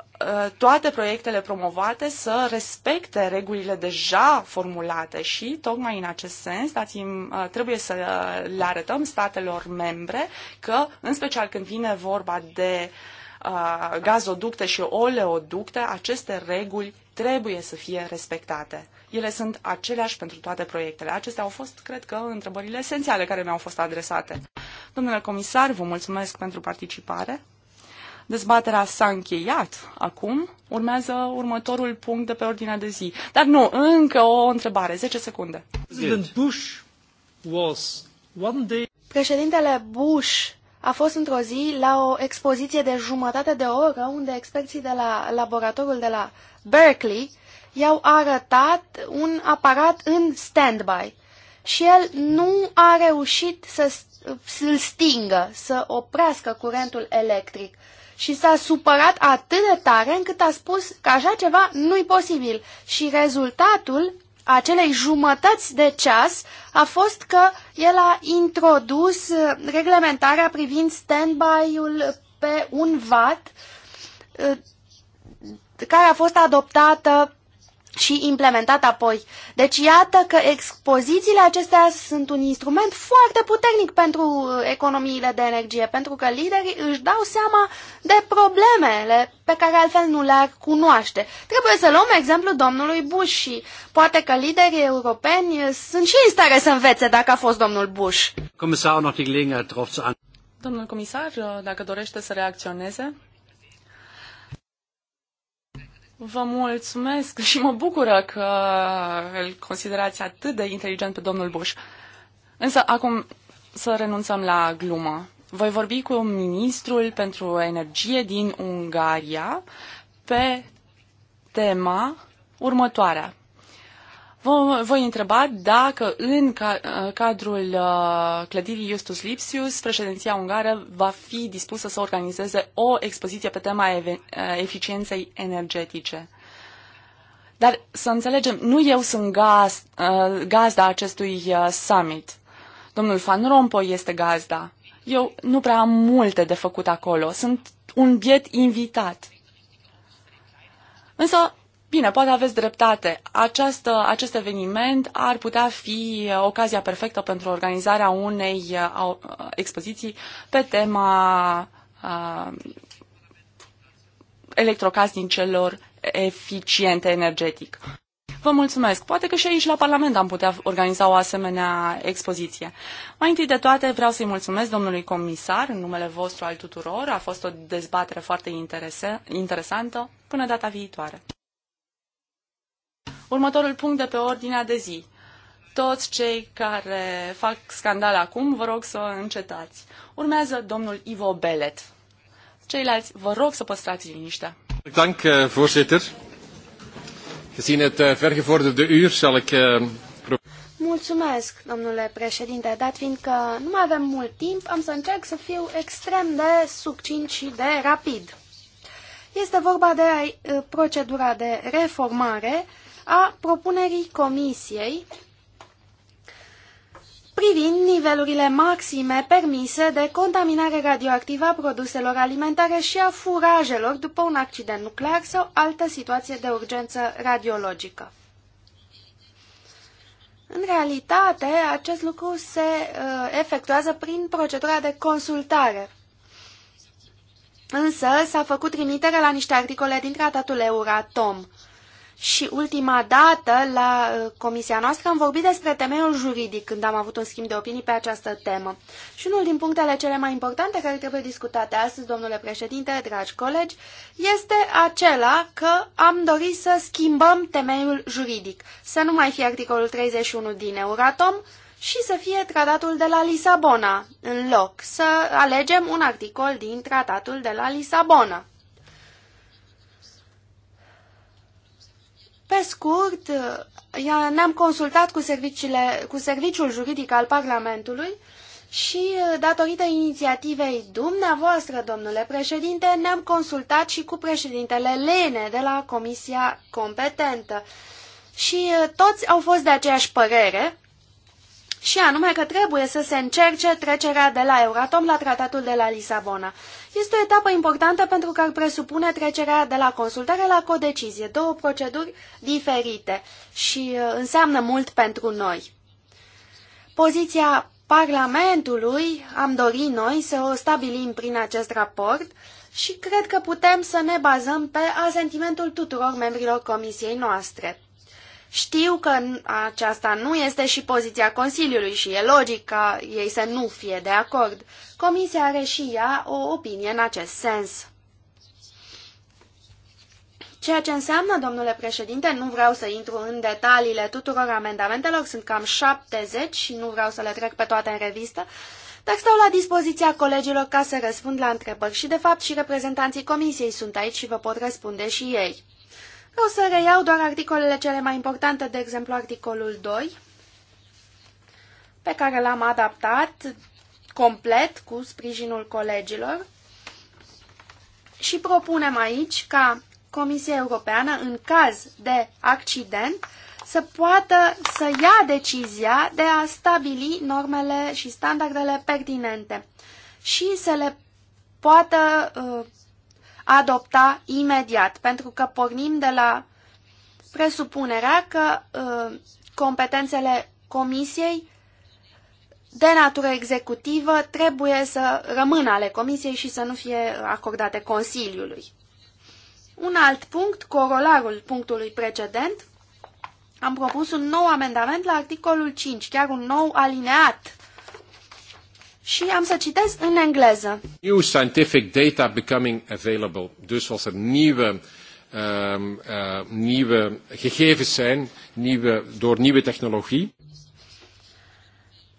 uh, toate proiectele promovate să respecte regulile deja formulate și, tocmai în acest sens, uh, trebuie să le arătăm statelor membre că, în special când vine vorba de uh, gazoducte și oleoducte, aceste reguli trebuie să fie respectate. Ele sunt aceleași pentru toate proiectele. Acestea au fost, cred că, întrebările esențiale care mi-au fost adresate. Domnule comisar, vă mulțumesc pentru participare. Dezbaterea s-a încheiat acum. Urmează următorul punct de pe ordinea de zi. Dar nu, încă o întrebare. 10 secunde. Bush was one day... Președintele Bush a fost într-o zi la o expoziție de jumătate de oră unde experții de la laboratorul de la Berkeley i-au arătat un aparat în standby și el nu a reușit să îl stingă, să oprească curentul electric și s-a supărat atât de tare încât a spus că așa ceva nu-i posibil și rezultatul acelei jumătăți de ceas a fost că el a introdus uh, reglementarea privind standby-ul pe un vat uh, care a fost adoptată și implementat apoi. Deci iată că expozițiile acestea sunt un instrument foarte puternic pentru uh, economiile de energie, pentru că liderii își dau seama de problemele pe care altfel nu le-ar cunoaște. Trebuie să luăm exemplu domnului Bush și poate că liderii europeni uh, sunt și în stare să învețe dacă a fost domnul Bush. Comisar, Domnul comisar, uh, dacă dorește să reacționeze. Vă mulțumesc și mă bucură că îl considerați atât de inteligent pe domnul Bush. Însă acum să renunțăm la glumă. Voi vorbi cu ministrul pentru energie din Ungaria pe tema următoarea. Vă voi întreba dacă în ca, uh, cadrul uh, clădirii Justus Lipsius, președinția ungară va fi dispusă să organizeze o expoziție pe tema uh, eficienței energetice. Dar să înțelegem, nu eu sunt gaz, gazda acestui summit. Domnul Van Rompuy este gazda. Eu nu prea am multe de făcut acolo. Sunt un biet invitat. Însă Bine, poate aveți dreptate. Această, acest eveniment ar putea fi ocazia perfectă pentru organizarea unei uh, uh, expoziții pe tema uh, electrocasnicelor eficiente energetic. Vă mulțumesc. Poate că și aici la Parlament am putea organiza o asemenea expoziție. Mai întâi de toate vreau să-i mulțumesc domnului comisar în numele vostru al tuturor. A fost o dezbatere foarte interesantă. Până data viitoare. Următorul punct de pe ordinea de zi. Toți cei care fac scandal acum, vă rog să încetați. Urmează domnul Ivo Belet. Ceilalți, vă rog să păstrați liniștea. Dank, eh, voorzitter. Gezien het eh, vergevorderde uur zal ik... Eh, Mulțumesc, domnule președinte, dat fiindcă nu mai avem mult timp, am să încerc să fiu extrem de succint și de rapid. Este vorba de procedura de reformare a propunerii Comisiei privind nivelurile maxime permise de contaminare radioactivă a produselor alimentare și a furajelor după un accident nuclear sau altă situație de urgență radiologică. În realitate, acest lucru se uh, efectuează prin procedura de consultare. Însă s-a făcut trimitere la niște articole din tratatul Euratom. Uh, și ultima dată, la uh, comisia noastră, am vorbit despre temeiul juridic când am avut un schimb de opinii pe această temă. Și unul din punctele cele mai importante care trebuie discutate astăzi, domnule președinte, dragi colegi, este acela că am dorit să schimbăm temeiul juridic, să nu mai fie articolul 31 din Euratom și să fie tratatul de la Lisabona în loc, să alegem un articol din tratatul de la Lisabona. Pe scurt, ne-am consultat cu, serviciile, cu serviciul juridic al Parlamentului și, datorită inițiativei dumneavoastră, domnule președinte, ne-am consultat și cu președintele Lene de la Comisia Competentă. Și eh, toți au fost de aceeași părere, și anume că trebuie să se încerce trecerea de la Euratom la tratatul de la Lisabona. Este o etapă importantă pentru că ar presupune trecerea de la consultare la codecizie, două proceduri diferite și uh, înseamnă mult pentru noi. Poziția Parlamentului am dorit noi să o stabilim prin acest raport și cred că putem să ne bazăm pe asentimentul tuturor membrilor comisiei noastre. Știu că aceasta nu este și poziția Consiliului și e logic ca ei să nu fie de acord. Comisia are și ea o opinie în acest sens. Ceea ce înseamnă, domnule președinte, nu vreau să intru în detaliile tuturor amendamentelor, sunt cam 70 și nu vreau să le trec pe toate în revistă, dar stau la dispoziția colegilor ca să răspund la întrebări și, de fapt, și reprezentanții comisiei sunt aici și vă pot răspunde și ei. O să reiau doar articolele cele mai importante, de exemplu articolul 2, pe care l-am adaptat complet cu sprijinul colegilor și propunem aici ca Comisia Europeană, în caz de accident, să poată să ia decizia de a stabili normele și standardele pertinente și să le poată uh, adopta imediat, pentru că pornim de la presupunerea că uh, competențele comisiei de natură executivă trebuie să rămână ale comisiei și să nu fie acordate Consiliului. Un alt punct, corolarul punctului precedent, am propus un nou amendament la articolul 5, chiar un nou alineat și am să citesc în engleză. New scientific data becoming available. Dus als er nieuwe um, uh, nieuwe gegevens zijn nieuwe, door nieuwe technologie.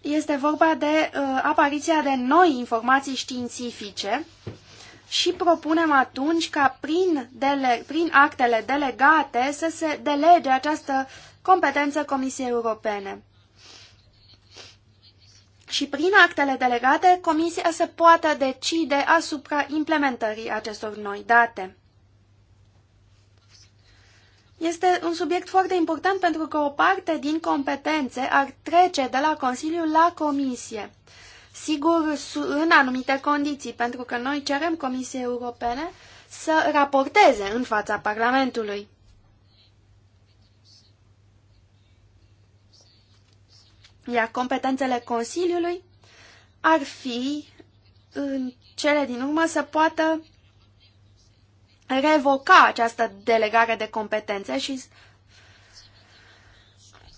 Este vorba de uh, apariția de noi informații științifice și propunem atunci ca prin, dele, prin actele delegate să se delege această competență Comisiei Europene și prin actele delegate Comisia să poată decide asupra implementării acestor noi date. Este un subiect foarte important pentru că o parte din competențe ar trece de la Consiliu la Comisie. Sigur, în anumite condiții, pentru că noi cerem Comisiei Europene să raporteze în fața Parlamentului. Iar competențele Consiliului ar fi în cele din urmă să poată revoca această delegare de competențe și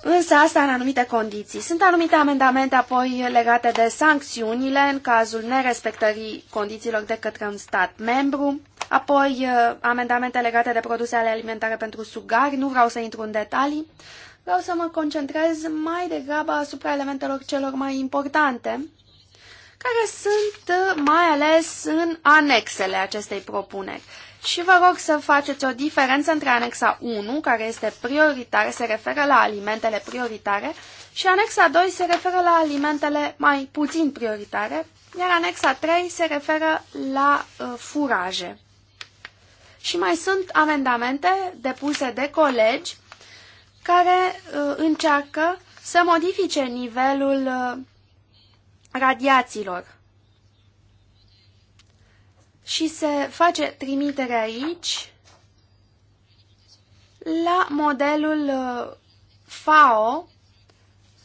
Însă asta în anumite condiții. Sunt anumite amendamente apoi legate de sancțiunile în cazul nerespectării condițiilor de către un stat membru, apoi eh, amendamente legate de produse ale alimentare pentru sugari, nu vreau să intru în detalii, vreau să mă concentrez mai degrabă asupra elementelor celor mai importante, care sunt mai ales în anexele acestei propuneri. Și vă rog să faceți o diferență între anexa 1, care este prioritară, se referă la alimentele prioritare, și anexa 2 se referă la alimentele mai puțin prioritare, iar anexa 3 se referă la uh, furaje. Și mai sunt amendamente depuse de colegi care uh, încearcă să modifice nivelul uh, radiațiilor. Și se face trimitere aici la modelul uh, FAO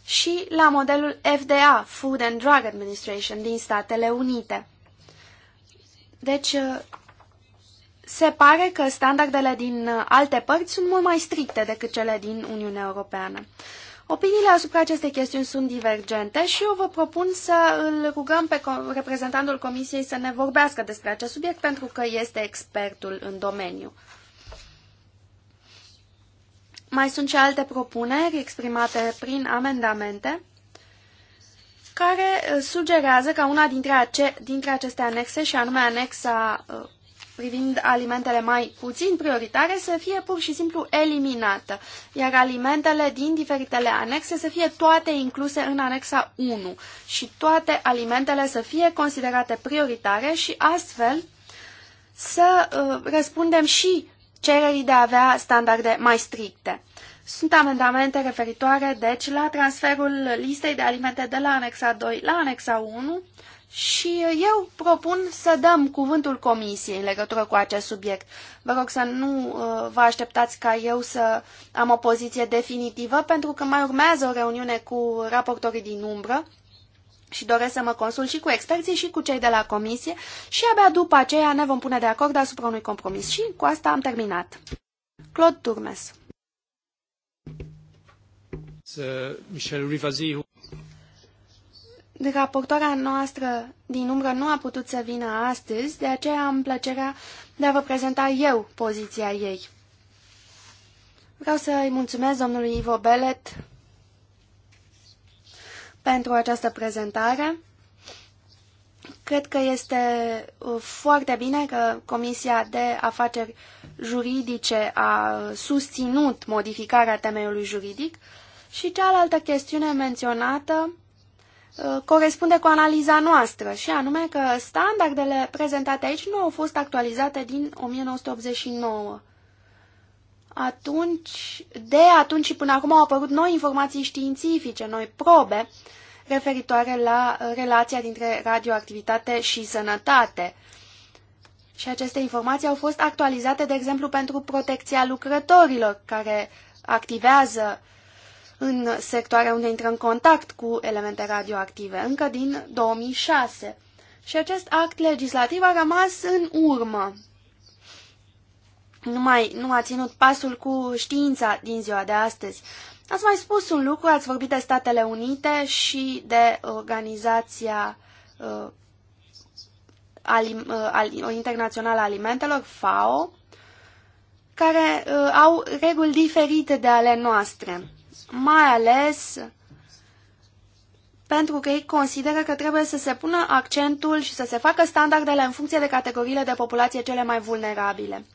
și la modelul FDA, Food and Drug Administration, din Statele Unite. Deci, se pare că standardele din uh, alte părți sunt mult mai stricte decât cele din Uniunea Europeană. Opiniile asupra acestei chestiuni sunt divergente și eu vă propun să îl rugăm pe reprezentantul Comisiei să ne vorbească despre acest subiect pentru că este expertul în domeniu. Mai sunt și alte propuneri exprimate prin amendamente care uh, sugerează ca una dintre, ace dintre aceste anexe, și anume anexa uh, privind alimentele mai puțin prioritare să fie pur și simplu eliminată, iar alimentele din diferitele anexe să fie toate incluse în anexa 1 și toate alimentele să fie considerate prioritare și astfel să uh, răspundem și cererii de a avea standarde mai stricte. Sunt amendamente referitoare, deci, la transferul listei de alimente de la anexa 2 la anexa 1 și uh, eu propun să dăm cuvântul comisiei în legătură cu acest subiect. Vă rog să nu uh, vă așteptați ca eu să am o poziție definitivă, pentru că mai urmează o reuniune cu raportorii din umbră și doresc să mă consult și cu experții și cu cei de la comisie și abia după aceea ne vom pune de acord asupra unui compromis. Și cu asta am terminat. Claude Turmes. Michel Rivazi. Raportoarea noastră din umbră nu a putut să vină astăzi, de aceea am plăcerea de a vă prezenta eu poziția ei. Vreau să îi mulțumesc domnului Ivo Belet pentru această prezentare. Cred că este uh, foarte bine că Comisia de Afaceri Juridice a susținut modificarea temeiului juridic și cealaltă chestiune menționată Uh, corespunde cu analiza noastră, și anume că standardele prezentate aici nu au fost actualizate din 1989. Atunci, de atunci și până acum au apărut noi informații științifice, noi probe referitoare la uh, relația dintre radioactivitate și sănătate. Și aceste informații au fost actualizate, de exemplu, pentru protecția lucrătorilor care activează uh, în sectoare unde intră în contact cu elemente radioactive, încă din 2006. Și acest act legislativ a rămas în urmă. Nu, mai, nu a ținut pasul cu știința din ziua de astăzi. Ați mai spus un lucru, ați vorbit de Statele Unite și de organizația uh, alim, uh, al, internațională a alimentelor, FAO, care uh, au reguli diferite de ale noastre mai ales pentru că ei consideră că trebuie să se pună accentul și să se facă standardele în funcție de categoriile de populație cele mai vulnerabile.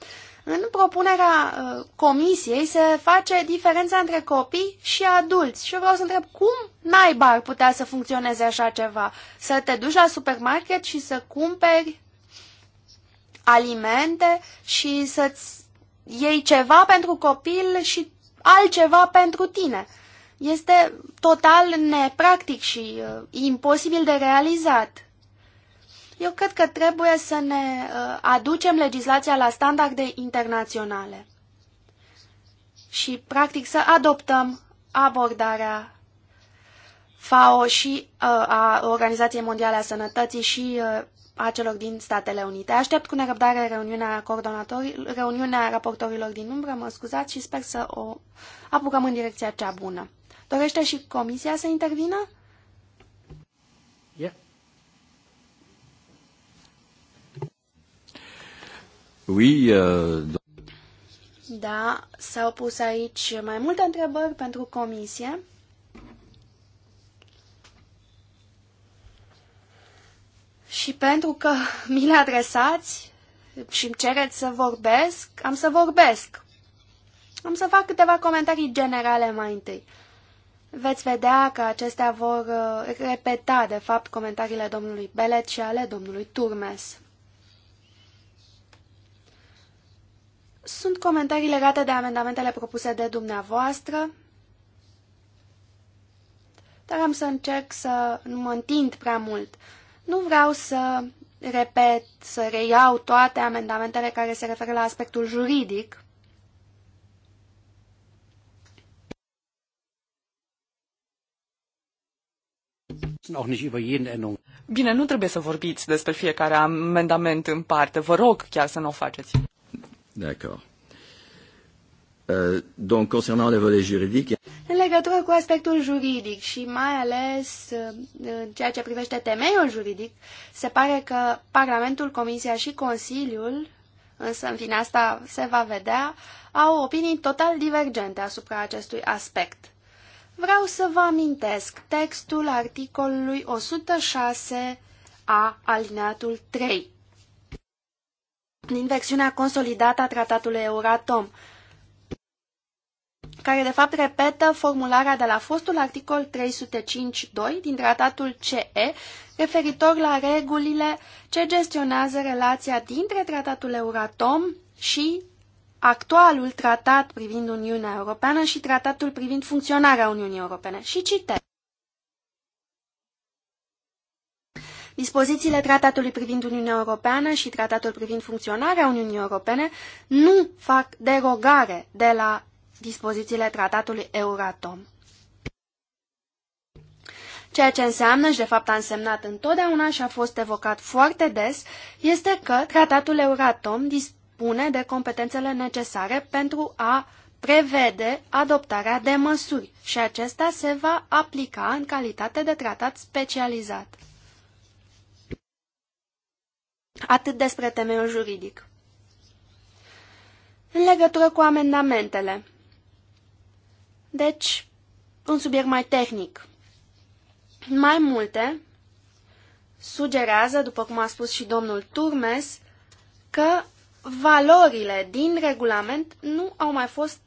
În propunerea uh, comisiei se face diferența între copii și adulți și eu vreau să întreb cum naiba ar putea să funcționeze așa ceva? Să te duci la supermarket și să cumperi alimente și să-ți iei ceva pentru copil și altceva pentru tine. Este total nepractic și uh, imposibil de realizat. Eu cred că trebuie să ne uh, aducem legislația la standarde internaționale și, practic, să adoptăm abordarea FAO și uh, a Organizației Mondiale a Sănătății și uh, a celor din Statele Unite. Aștept cu nerăbdare reuniunea, reuniunea raportorilor din umbră, mă scuzați, și sper să o apucăm în direcția cea bună. Dorește și Comisia să intervină? Yeah. Oui, uh... Da, s-au pus aici mai multe întrebări pentru Comisie. Și pentru că mi le adresați și îmi cereți să vorbesc, am să vorbesc. Am să fac câteva comentarii generale mai întâi. Veți vedea că acestea vor uh, repeta, de fapt, comentariile domnului Belet și ale domnului Turmes. Sunt comentarii legate de amendamentele propuse de dumneavoastră, dar am să încerc să nu mă întind prea mult. Nu vreau să repet, să reiau toate amendamentele care se referă la aspectul juridic, Bine, nu trebuie să vorbiți despre fiecare amendament în parte. Vă rog chiar să nu o faceți. D'accord. Euh, donc, concernant le volet juridic... În legătură cu aspectul juridic și mai ales uh, în ceea ce privește temeiul juridic, se pare că Parlamentul, Comisia și Consiliul, însă în fine asta se va vedea, au opinii total divergente asupra acestui aspect. Vreau să vă amintesc textul articolului 106a alineatul 3 din versiunea consolidată a tratatului Euratom, care de fapt repetă formularea de la fostul articol 305.2 din tratatul CE referitor la regulile ce gestionează relația dintre tratatul Euratom și actualul tratat privind Uniunea Europeană și tratatul privind funcționarea Uniunii Europene. Și cite Dispozițiile tratatului privind Uniunea Europeană și tratatul privind funcționarea Uniunii Europene nu fac derogare de la dispozițiile tratatului Euratom. Ceea ce înseamnă și de fapt a însemnat întotdeauna și a fost evocat foarte des este că tratatul Euratom dispune de competențele necesare pentru a prevede adoptarea de măsuri și acesta se va aplica în calitate de tratat specializat. Atât despre temeiul juridic. În legătură cu amendamentele, deci, un subiect mai tehnic. Mai multe sugerează, după cum a spus și domnul Turmes, că valorile din regulament nu au mai fost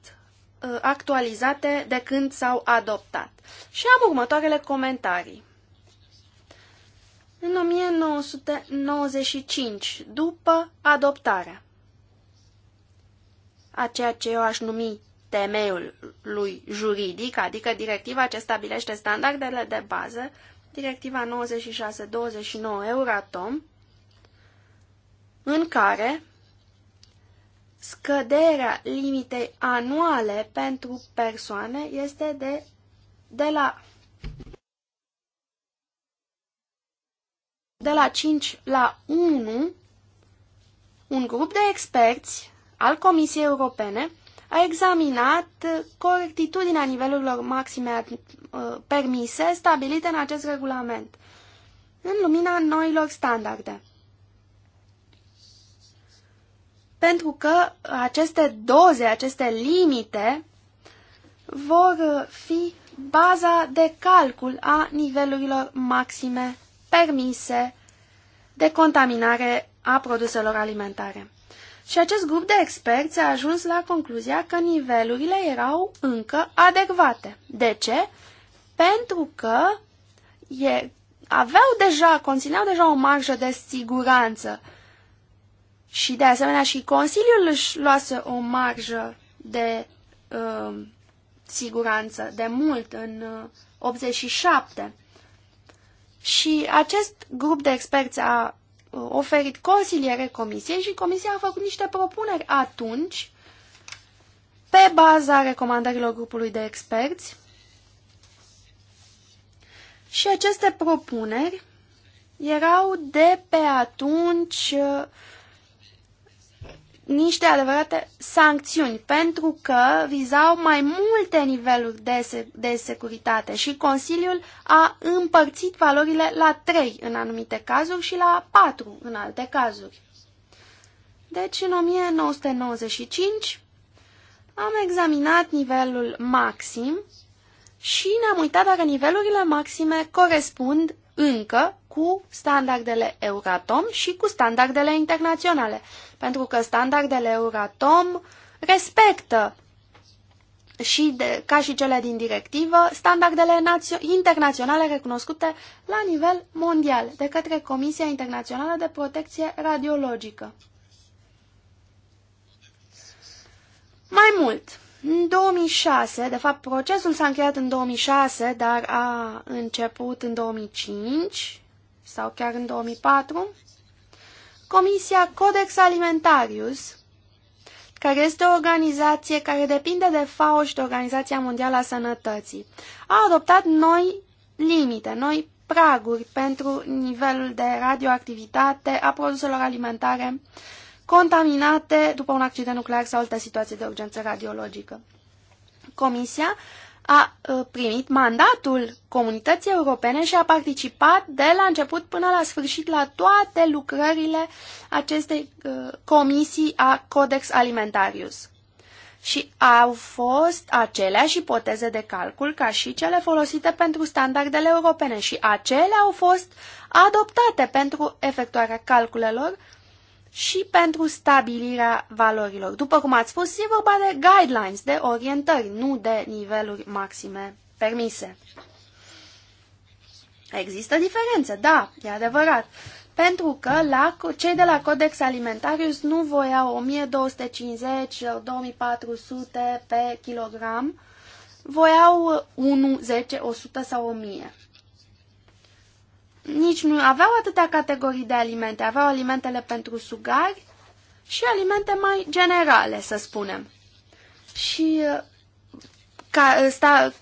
uh, actualizate de când s-au adoptat. Și am următoarele comentarii. În 1995, după adoptarea a ceea ce eu aș numi temeiul lui juridic, adică directiva ce stabilește standardele de bază, directiva 96-29 Euratom, în care scăderea limitei anuale pentru persoane este de, de la de la 5 la 1 un grup de experți al Comisiei Europene a examinat corectitudinea nivelurilor maxime uh, permise stabilite în acest regulament, în lumina noilor standarde. Pentru că aceste doze, aceste limite, vor fi baza de calcul a nivelurilor maxime permise de contaminare a produselor alimentare. Și acest grup de experți a ajuns la concluzia că nivelurile erau încă adecvate. De ce? Pentru că e, aveau deja, conțineau deja o marjă de siguranță. Și de asemenea și Consiliul își luase o marjă de uh, siguranță de mult în uh, 87. Și acest grup de experți a oferit consiliere comisiei și comisia a făcut niște propuneri atunci pe baza recomandărilor grupului de experți și aceste propuneri erau de pe atunci niște adevărate sancțiuni, pentru că vizau mai multe niveluri de, de securitate și Consiliul a împărțit valorile la 3 în anumite cazuri și la 4 în alte cazuri. Deci, în 1995 am examinat nivelul maxim și ne-am uitat dacă nivelurile maxime corespund încă cu standardele Euratom și cu standardele internaționale, pentru că standardele Euratom respectă și de, ca și cele din directivă, standardele internaționale recunoscute la nivel mondial de către Comisia Internațională de Protecție Radiologică. Mai mult, în 2006, de fapt procesul s-a încheiat în 2006, dar a început în 2005 sau chiar în 2004, Comisia Codex Alimentarius, care este o organizație care depinde de FAO și de Organizația Mondială a Sănătății, a adoptat noi limite, noi praguri pentru nivelul de radioactivitate a produselor alimentare contaminate după un accident nuclear sau altă situație de urgență radiologică. Comisia a ă, primit mandatul comunității europene și a participat de la început până la sfârșit la toate lucrările acestei ă, comisii a Codex Alimentarius. Și au fost aceleași ipoteze de calcul ca și cele folosite pentru standardele europene și acelea au fost adoptate pentru efectuarea calculelor și pentru stabilirea valorilor. După cum ați spus, e vorba de guidelines, de orientări, nu de niveluri maxime permise. Există diferențe, da, e adevărat, pentru că la, cei de la Codex Alimentarius nu voiau 1250 2400 pe kilogram, voiau 1, 10, 100 sau 1000 nici nu aveau atâtea categorii de alimente. Aveau alimentele pentru sugari și alimente mai generale, să spunem. Și uh, ca, uh, sta,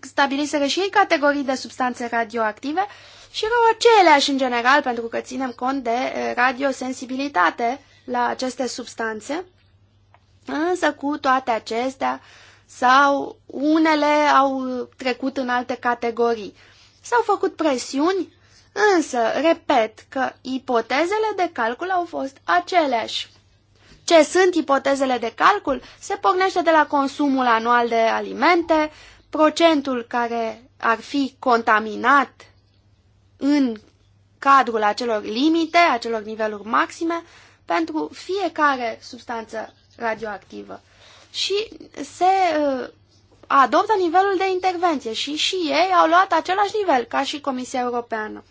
stabiliseră și ei categorii de substanțe radioactive și erau aceleași în general, pentru că ținem cont de uh, radiosensibilitate la aceste substanțe. Însă cu toate acestea, sau unele au trecut în alte categorii. S-au făcut presiuni Însă, repet că ipotezele de calcul au fost aceleași. Ce sunt ipotezele de calcul? Se pornește de la consumul anual de alimente, procentul care ar fi contaminat în cadrul acelor limite, acelor niveluri maxime, pentru fiecare substanță radioactivă. Și se uh, adoptă nivelul de intervenție și și ei au luat același nivel ca și Comisia Europeană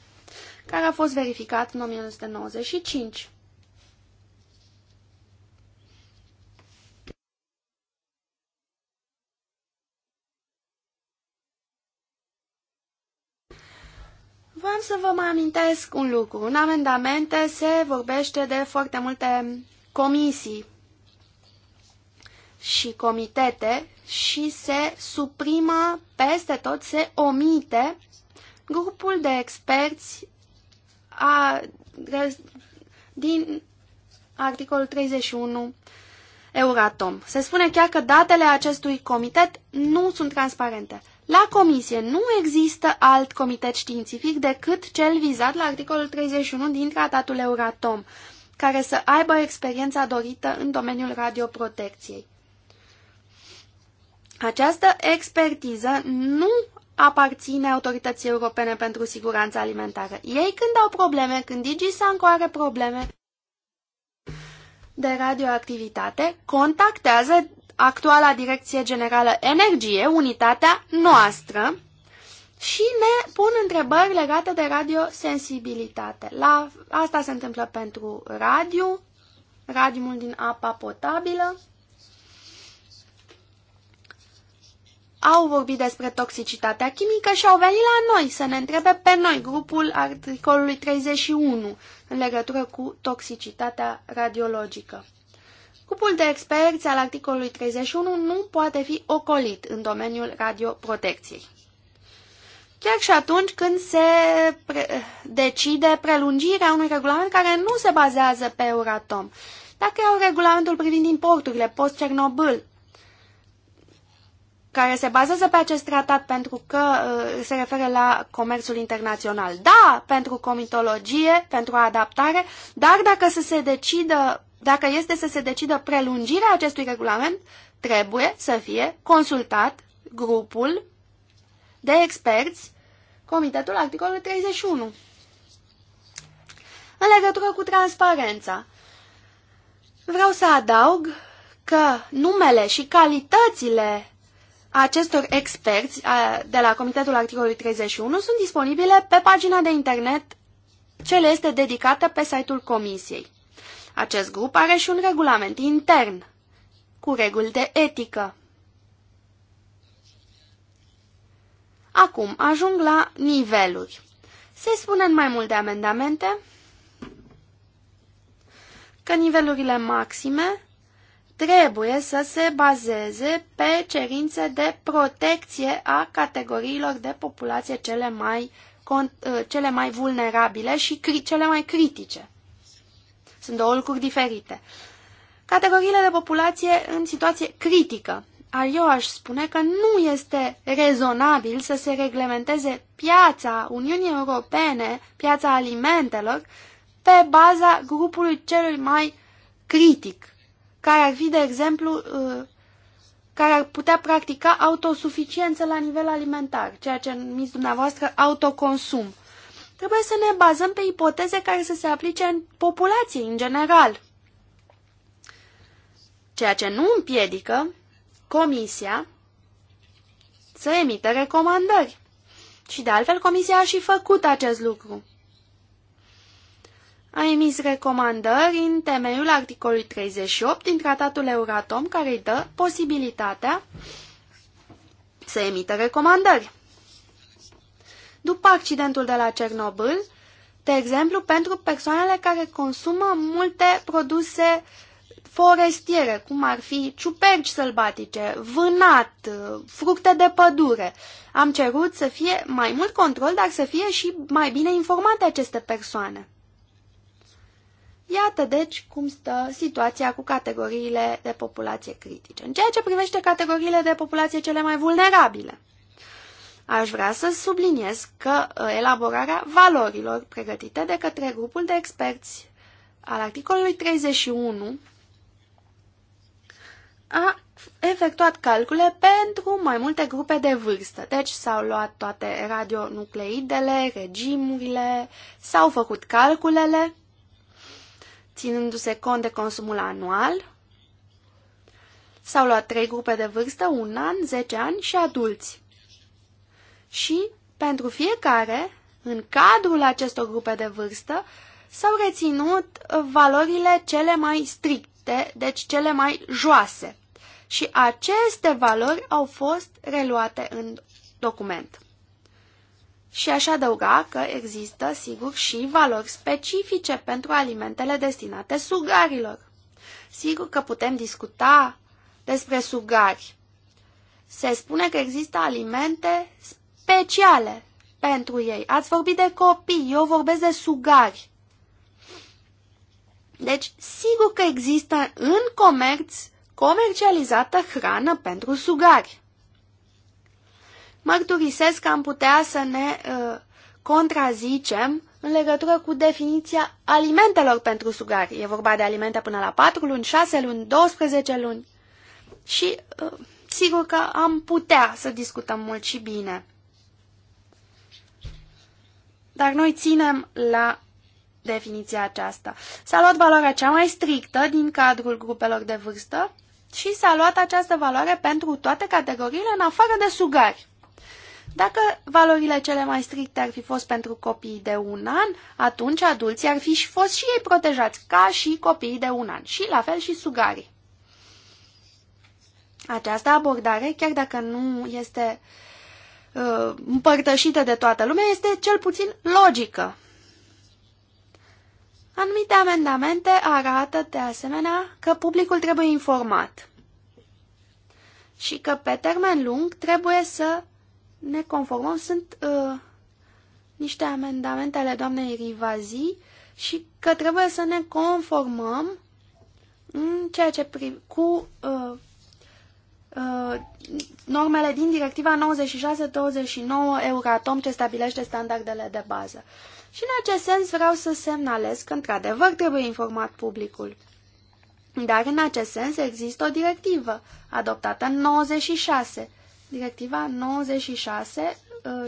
care a fost verificat în 1995. Vreau să vă mai amintesc un lucru. În amendamente se vorbește de foarte multe comisii și comitete și se suprimă peste tot, se omite grupul de experți a, din articolul 31 Euratom. Se spune chiar că datele acestui comitet nu sunt transparente. La comisie nu există alt comitet științific decât cel vizat la articolul 31 din tratatul Euratom, care să aibă experiența dorită în domeniul radioprotecției. Această expertiză nu aparține Autorității Europene pentru Siguranța Alimentară. Ei când au probleme, când Sanco are probleme de radioactivitate, contactează actuala Direcție Generală Energie, unitatea noastră, și ne pun întrebări legate de radiosensibilitate. La asta se întâmplă pentru radio, radiumul din apa potabilă. au vorbit despre toxicitatea chimică și au venit la noi să ne întrebe pe noi, grupul articolului 31, în legătură cu toxicitatea radiologică. Grupul de experți al articolului 31 nu poate fi ocolit în domeniul radioprotecției. Chiar și atunci când se pre decide prelungirea unui regulament care nu se bazează pe Euratom. Dacă iau regulamentul privind importurile post-Cernobâl, care se bazează pe acest tratat pentru că uh, se referă la comerțul internațional. Da, pentru comitologie, pentru adaptare, dar dacă să se decidă, dacă este să se decidă prelungirea acestui regulament, trebuie să fie consultat grupul de experți, comitetul articolul 31. În legătură cu transparența, vreau să adaug că numele și calitățile acestor experți de la Comitetul Articolului 31 sunt disponibile pe pagina de internet ce le este dedicată pe site-ul Comisiei. Acest grup are și un regulament intern cu reguli de etică. Acum ajung la niveluri. Se spune în mai multe amendamente că nivelurile maxime trebuie să se bazeze pe cerințe de protecție a categoriilor de populație cele mai, uh, cele mai vulnerabile și cele mai critice. Sunt două lucruri diferite. Categoriile de populație în situație critică. Eu aș spune că nu este rezonabil să se reglementeze piața Uniunii Europene, piața alimentelor, pe baza grupului celui mai critic care ar fi, de exemplu, uh, care ar putea practica autosuficiență la nivel alimentar, ceea ce numiți dumneavoastră autoconsum. Trebuie să ne bazăm pe ipoteze care să se aplice în populație, în general. Ceea ce nu împiedică Comisia să emită recomandări. Și de altfel Comisia a și făcut acest lucru a emis recomandări în temeiul articolului 38 din tratatul Euratom care îi dă posibilitatea să emită recomandări. După accidentul de la Cernobâl, de exemplu, pentru persoanele care consumă multe produse forestiere, cum ar fi ciuperci sălbatice, vânat, fructe de pădure. Am cerut să fie mai mult control, dar să fie și mai bine informate aceste persoane. Iată deci cum stă situația cu categoriile de populație critice. În ceea ce privește categoriile de populație cele mai vulnerabile, aș vrea să subliniez că uh, elaborarea valorilor pregătite de către grupul de experți al articolului 31 a efectuat calcule pentru mai multe grupe de vârstă. Deci s-au luat toate radionucleidele, regimurile, s-au făcut calculele ținându-se cont de consumul anual. S-au luat trei grupe de vârstă, un an, 10 ani și adulți. Și pentru fiecare, în cadrul acestor grupe de vârstă, s-au reținut valorile cele mai stricte, deci cele mai joase. Și aceste valori au fost reluate în document. Și aș adăuga că există, sigur, și valori specifice pentru alimentele destinate sugarilor. Sigur că putem discuta despre sugari. Se spune că există alimente speciale pentru ei. Ați vorbit de copii, eu vorbesc de sugari. Deci, sigur că există în comerț comercializată hrană pentru sugari mărturisesc că am putea să ne uh, contrazicem în legătură cu definiția alimentelor pentru sugari. E vorba de alimente până la 4 luni, 6 luni, 12 luni. Și uh, sigur că am putea să discutăm mult și bine. Dar noi ținem la definiția aceasta. S-a luat valoarea cea mai strictă din cadrul grupelor de vârstă și s-a luat această valoare pentru toate categoriile în afară de sugari. Dacă valorile cele mai stricte ar fi fost pentru copiii de un an, atunci adulții ar fi și fost și ei protejați, ca și copiii de un an, și la fel și sugarii. Această abordare, chiar dacă nu este uh, împărtășită de toată lumea, este cel puțin logică. Anumite amendamente arată, de asemenea, că publicul trebuie informat și că, pe termen lung, trebuie să ne conformăm sunt uh, niște amendamente ale doamnei Rivazi și că trebuie să ne conformăm în ceea ce cu uh, uh, normele din directiva 96-29 Euratom ce stabilește standardele de bază. Și în acest sens vreau să semnalez că într-adevăr trebuie informat publicul. Dar în acest sens există o directivă adoptată în 96 Directiva 96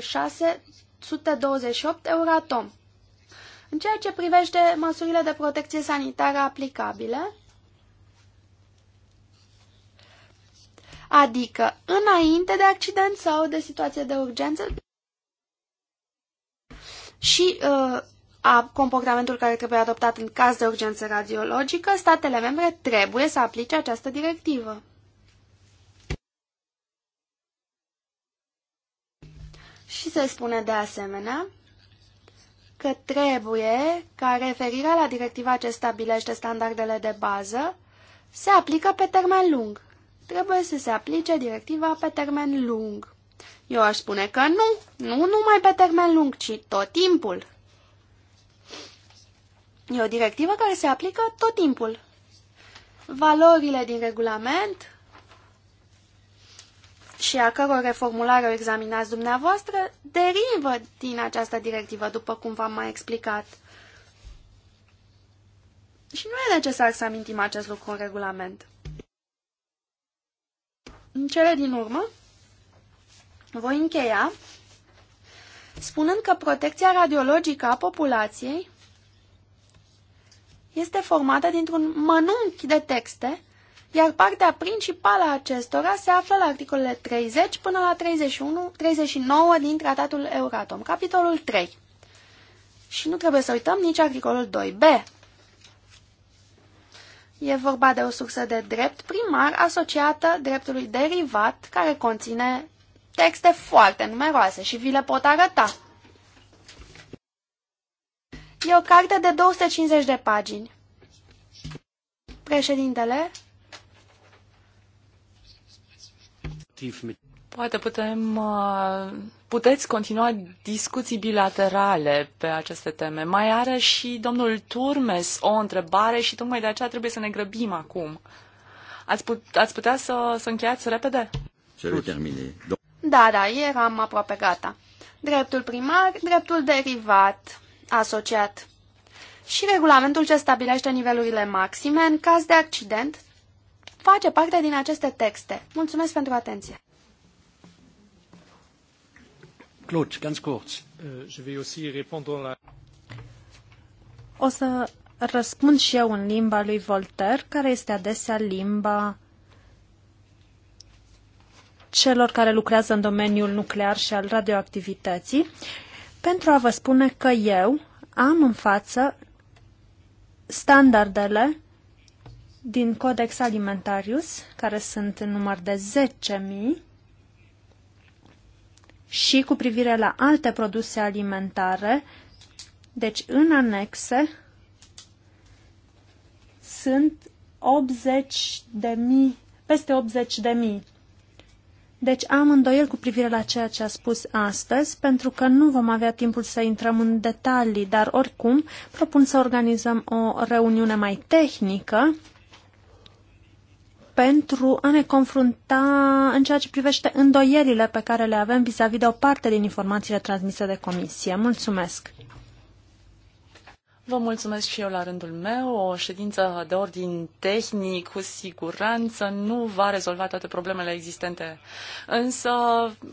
628 uh, Euratom. În ceea ce privește măsurile de protecție sanitară aplicabile, adică înainte de accident sau de situație de urgență și uh, a comportamentul care trebuie adoptat în caz de urgență radiologică, statele membre trebuie să aplice această directivă. Și se spune de asemenea că trebuie ca referirea la directiva ce stabilește standardele de bază se aplică pe termen lung. Trebuie să se aplice directiva pe termen lung. Eu aș spune că nu, nu numai pe termen lung, ci tot timpul. E o directivă care se aplică tot timpul. Valorile din regulament și a căror reformulare o examinați dumneavoastră derivă din această directivă, după cum v-am mai explicat. Și nu e necesar să amintim acest lucru în regulament. În cele din urmă, voi încheia spunând că protecția radiologică a populației este formată dintr-un mănunchi de texte iar partea principală a acestora se află la articolele 30 până la 31, 39 din Tratatul Euratom, capitolul 3. Și nu trebuie să uităm nici articolul 2b. E vorba de o sursă de drept primar asociată dreptului derivat care conține texte foarte numeroase și vi le pot arăta. E o carte de 250 de pagini. Președintele, Poate putem, uh, puteți continua discuții bilaterale pe aceste teme. Mai are și domnul Turmes o întrebare și tocmai de aceea trebuie să ne grăbim acum. Ați, put, ați putea să, să încheiați repede? Da, da, eram aproape gata. Dreptul primar, dreptul derivat, asociat. Și regulamentul ce stabilește nivelurile maxime în caz de accident, face parte din aceste texte. Mulțumesc pentru atenție. Claude, ganz kurz. Äh, je vais aussi répondre la... O să răspund și eu în limba lui Voltaire, care este adesea limba celor care lucrează în domeniul nuclear și al radioactivității, pentru a vă spune că eu am în față standardele din Codex Alimentarius, care sunt în număr de 10.000, și cu privire la alte produse alimentare, deci în anexe, sunt 80 de mii, peste 80 de mii. Deci am îndoiel cu privire la ceea ce a spus astăzi, pentru că nu vom avea timpul să intrăm în detalii, dar oricum propun să organizăm o reuniune mai tehnică pentru a ne confrunta în ceea ce privește îndoierile pe care le avem vis-a-vis -vis de o parte din informațiile transmise de comisie. Mulțumesc! Vă mulțumesc și eu la rândul meu. O ședință de ordin tehnic, cu siguranță, nu va rezolva toate problemele existente. Însă,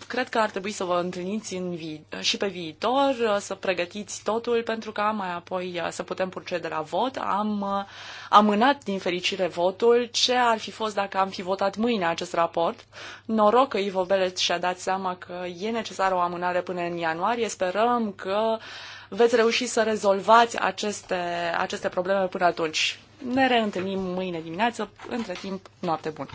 cred că ar trebui să vă întâlniți în vi- și pe viitor, să pregătiți totul, pentru ca mai apoi uh, să putem procede la vot. Am uh, amânat, din fericire, votul. Ce ar fi fost dacă am fi votat mâine acest raport? Noroc că Ivo Belet și-a dat seama că e necesară o amânare până în ianuarie. Sperăm că veți reuși să rezolvați aceste, aceste probleme până atunci. Ne reîntâlnim mâine dimineață. Între timp, noapte bună!